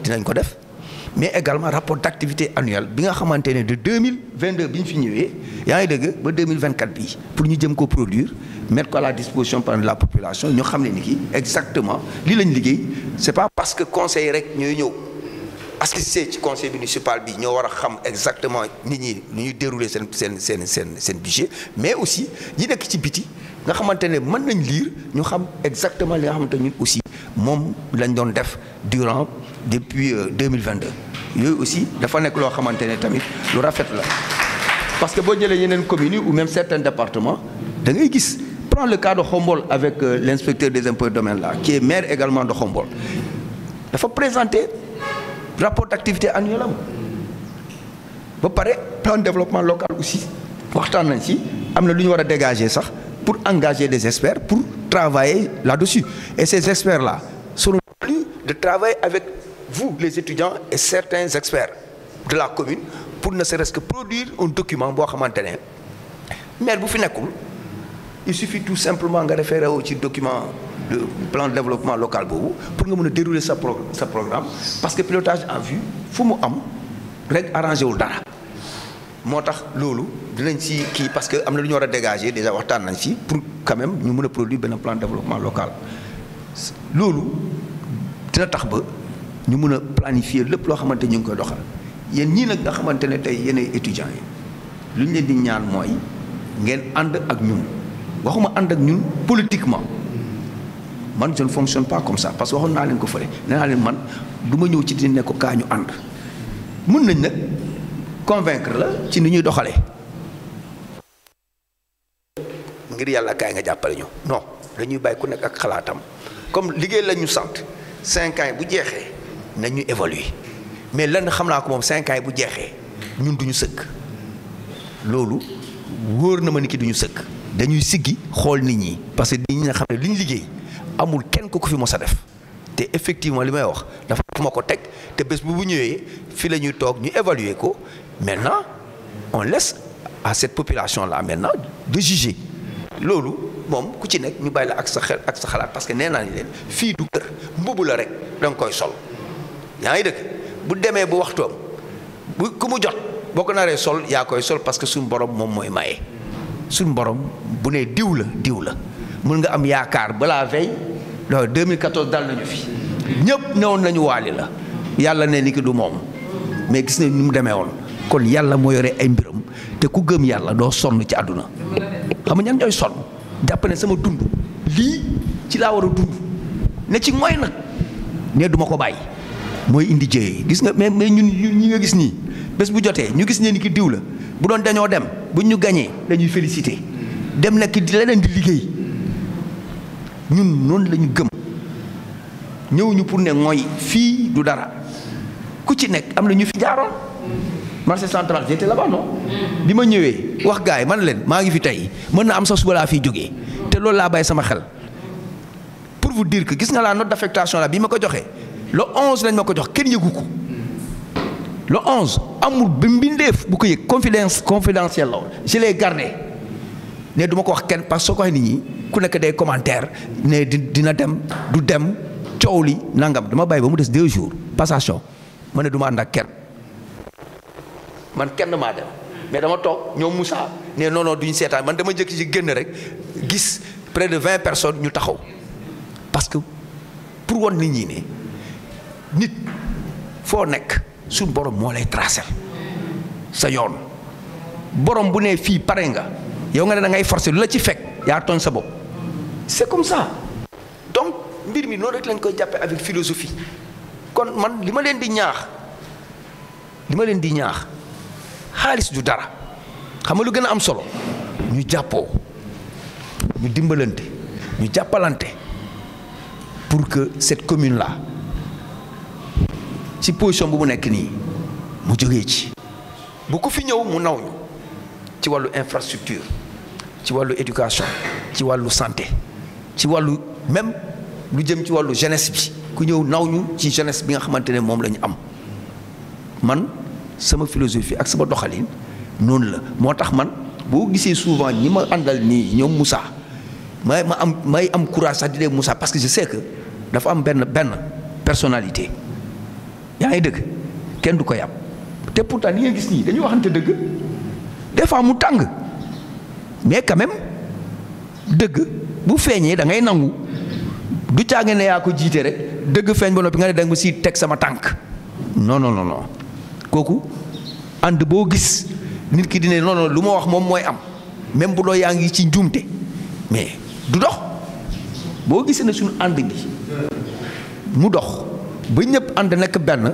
mais également rapport d'activité annuel bien nga de 2022 bien et fi ñëwee 2024 pour nous jëm produire mettre à la disposition de la population nous avons exactement li lañ pas parce que conseil rek parce que c'est le conseil municipal bi nous war a xam exactement nit ñi nu dérouler seen budget mais aussi ñi nekk ci biti nga xamante ne mën nañ lire ñu xam exactement les nga xamante aussi mon lañ doon def durant depuis 2022 euh, yooyu aussi dafa nekk loo xamante ne tamit lu rafet la parce que boo jëlee yeneen communes ou même certains départements da ngay gis prends le cas de Khombol avec euh, l'inspecteur des impôts et domaine là qui est maire également de Khombol faut présenter rapport d'activité annuel Vous parlez plan de développement local aussi Pourtant, ici, ci am dégager ça pour engager des experts pour travailler là-dessus et ces experts là seront plus de travailler avec vous les étudiants et certains experts de la commune pour ne serait-ce que produire un document pour maintenir. Mais vous finissez, il suffit tout simplement de référer au document le euh, plan de développement local boobu pour nga mën dérouler sa programme parce que pilotage en vue fu mu am rek arrangé wul dara moo tax loolu dinañ si kii parce que am na lu ñu war a dégager déjà waxtaan nañ pour quand même ñu mën produire produire benn plan de développement local loolu dina tax ba ñu mën planifier lépp loo xamante ñu ngi koy doxal yéen ñii nag nga xamante ne tey yeneen étudiants yi lu ñu leen di ñaan mooy ngeen ànd ak ñun waxuma ànd ak ñun politiquement man je ne fonctionne pas comme ça parce que on naa rien que faire nee naa leen man du ma ci di ne ko kañu and ànd nañ nak convaincre la ci ni ñuy doxalee. ngir yalla kay nga jàppale ñu non dañuy bay ku nek ak xalaatam comme liggéey lañu ñu 5 ans bu jeexee nañu évoluer mais lenn xamna ko mom 5 ans bu jeexee ñun duñu sëkk lolu wóor na ma ni ki duñu sëkk dañuy siggi xol nit ñi parce que nit ñi nga xam ne li amul ken ko ko fi mos def te effectivement limay wax dafa fu tek ko teg te bés bu bu ñëwee fii la ñu évaluer ko maintenant on laisse à cette population là maintenant de juger lolu mom ku ci nekk ñu bayla ak sa xel ak sa xalaat parce que nee ni leen fi du kër mbubu la rek dang koy sol yaa ngi dëkk bu démé bu waxtoom bu ku mu jot boo ko sol ya koy sol parce que suñu borom mom moy mayé suñu borom bu ne diw la diw la mun nga am yaakaar balaa veille non 2014 dal nañu fi ñëpp newoon nañu waali la yàlla ne ni ki du moom mais gis ne ni mu demee woon kon yàlla moo yore ay mbiram te ku gëm yàlla doo sonn ci àdduna xam ñan ñooy sonn jàpp sama dund lii ci laa war a dund ne ci mooy nag ne duma ko bàyyi mooy indi jëye gis nga mais mais ñun ñi nga gis nii bés bu jotee ñu gis ne ni ki diw la bu doon dañoo dem buñ ñu gañee dañuy félicité dem nag ki leneen di liggéey ñun sommes lañu gëm ñëw pour ne Nous fi du dara ku ci nous am central j'étais là-bas non Nous wax nous man leen ngi fi am sama xel pour vous dire que gis nga la note d'affectation la le 11 lañ mako jox kenn le 11 amul nous bu ko confidence confidentiel la je l'ai gardé ne duma ko wax ken parce que ko waxee nit ñi ku nek day commentaire ne dina dem du dem ciowli nangam duma bay ba mu des deux jours passation mané duma andak ken man ken ma dem mais dama tok ñom Moussa ne non non duñ sétane man dama jëk ci génn rek gis près de 20 personnes ñu taxaw parce que pour won nit ñi ne nit fo nek suñ borom mo lay tracer sa yoon borom bu ne fi paré nga yow nga da ngay forcer lu la ci fek ya ton sa bopp c'est comme ça donc mbir mi noonu rek lañ koy jappé avec philosophie kon man lima len di ñaax lima len di ñaax xaalis du dara xam nga lu gëna am solo ñu jappo ñu dimbalante ñu jappalante pour que cette commune là ci position bu mu nek ni mu jógee ci bu ko fi ñëw mu naw ñu ci walu infrastructure ci wàllu éducation ci wàllu santé ci wàllu même lu jëm ci wàllu jeunesse bi ku ñëw naw ñu ci jeunesse bi nga xamante ne moom la ñu am man sama philosophie ak sama doxalin noonu la moo tax man boo gisee souvent ñi ma àndal nii ñoom Moussa may ma am may am courage sax di leen parce que je sais que dafa am benn benn personnalité yaa ngi dëgg kenn du ko yàpp te pourtant li nga gis nii dañu waxante dëgg des fois mu tàng. mais quand même dëgg bu feeñee da ngay nangu du caage ne yaa ko jiite rek dëgg feeñ ba noppi nga ne da nga si teg sama tànk non non kooku ànd boo gis nit ki dine non lu ma wax moom mooy am même bu doo yaa ngi ci njuumte mais du dox boo gisee ne suñu ànd gi mu dox ba ñëpp ànd nekk benn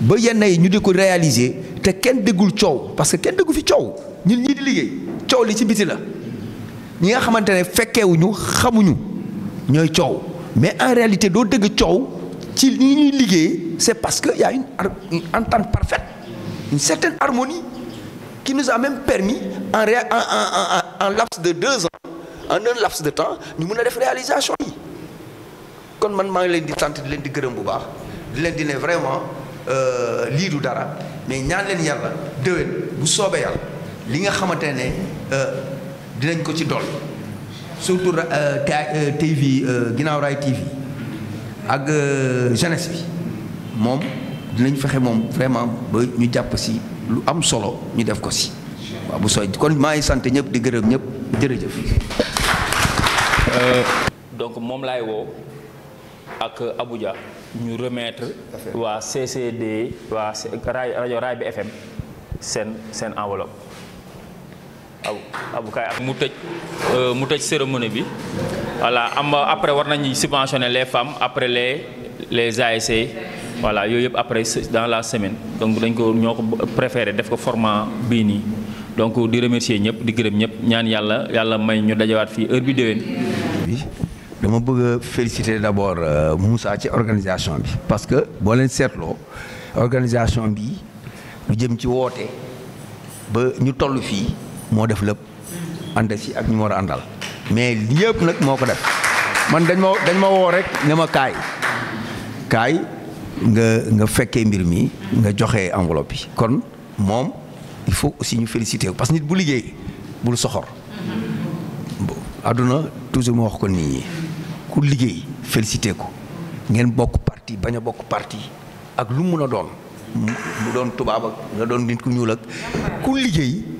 ba yenn yi ñu di ko réaliser te kenn déggul coow parce que kenn déggu fi coow ñu ñii di liggéey. coow li ci biti la ñi nga xamantene ne fekkeewuñu xamuñu ñoy coow mais en réalité do deug coow ci ni ñuy liggé c'est parce que y a une entente parfaite une certaine harmonie qui nous a même permis en en en en en laps de deux ans en un laps de temps ñu mëna def réalisation yi kon man ma ngi leen di sant di leen di gërëm bu baax di leen di ne vraiment euh, lii du dara mais ñaan leen yàlla déwén bu soobee yàlla. li nga xamante ne euh, dinañ ko ci dool surtout euh, euh, TV ginnaaw raay TV ak jeunesse bi moom dinañ fexe moom vraiment ba ñu jàpp si lu am solo ñu def ko si waaw bu sooy kon maa ngi sant ñëpp di gërëm ñëpp jërëjëf. donc moom laay woo ak Abuja ñu remettre waa CCD waa rajo rajo Raay bi FM seen seen enveloppe. abu abukaay euh, cérémonie bi voilà am après war nañuy subventionner les femmes après les les ASC voilà yooyu après dans la semaine donc dañ ko ñoko préférer def ko format bi ni donc di remercier ñep di gërëm ñep ñaan yalla yalla may ñu dajawaat fi heure bi bi dama bëgg féliciter d'abord euh, Moussa ci organisation bi parce que bo len seetloo organisation bi lu jëm ci woté ba ñu tollu fi mo def lepp ande si ak ñu war mais yëpp nag moo ko def man dañ ma dañ ma wo rek ne ma kay nga nga fekke mbir mi nga joxe enveloppe kon mom il faut aussi ñu féliciter parce nit bu liggéey bu soxor aduna toujours mo wax ko ni ku liggéey féliciter ko ngeen bokk parti baña bokk parti ak lu mun a doon mu doon tubaab ak nga doon nit ku ñuul ak ku liggéey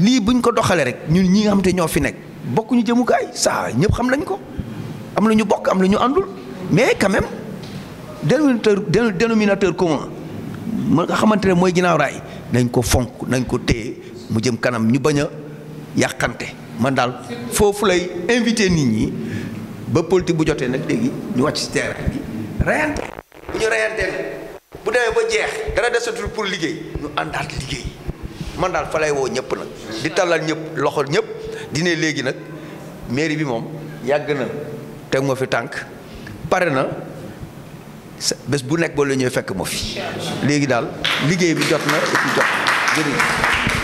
lii buñ ko doxalee rek ñun ñi nga xam te ñoo fi nekk bokk ñu jëmukaay saa ñëpp xam nañ ko am la ñu bokk am la ñu àndul mais quand même dénominateur dénominateur commun ma nga xamante ne mooy ginnaaw raay nañ ko fonk nañ ko téye mu jëm kanam ñu bañ a yàqante man daal foofu lay invité nit ñi ba politique bu jotee nag léegi ñu wàcc si terrain bi reyante bu ñu reyantee bu demee ba jeex dara desatul pour liggéey ñu àndaat liggéey man daal fa woo ñëpp nag di tallal ñëpp loxol ñëpp di léegi nag mairie bi moom yàgg na te moo fi tànk pare na bés bu nekk ba la fekk ma fi léegi daal liggéey bi jot na et puis jot na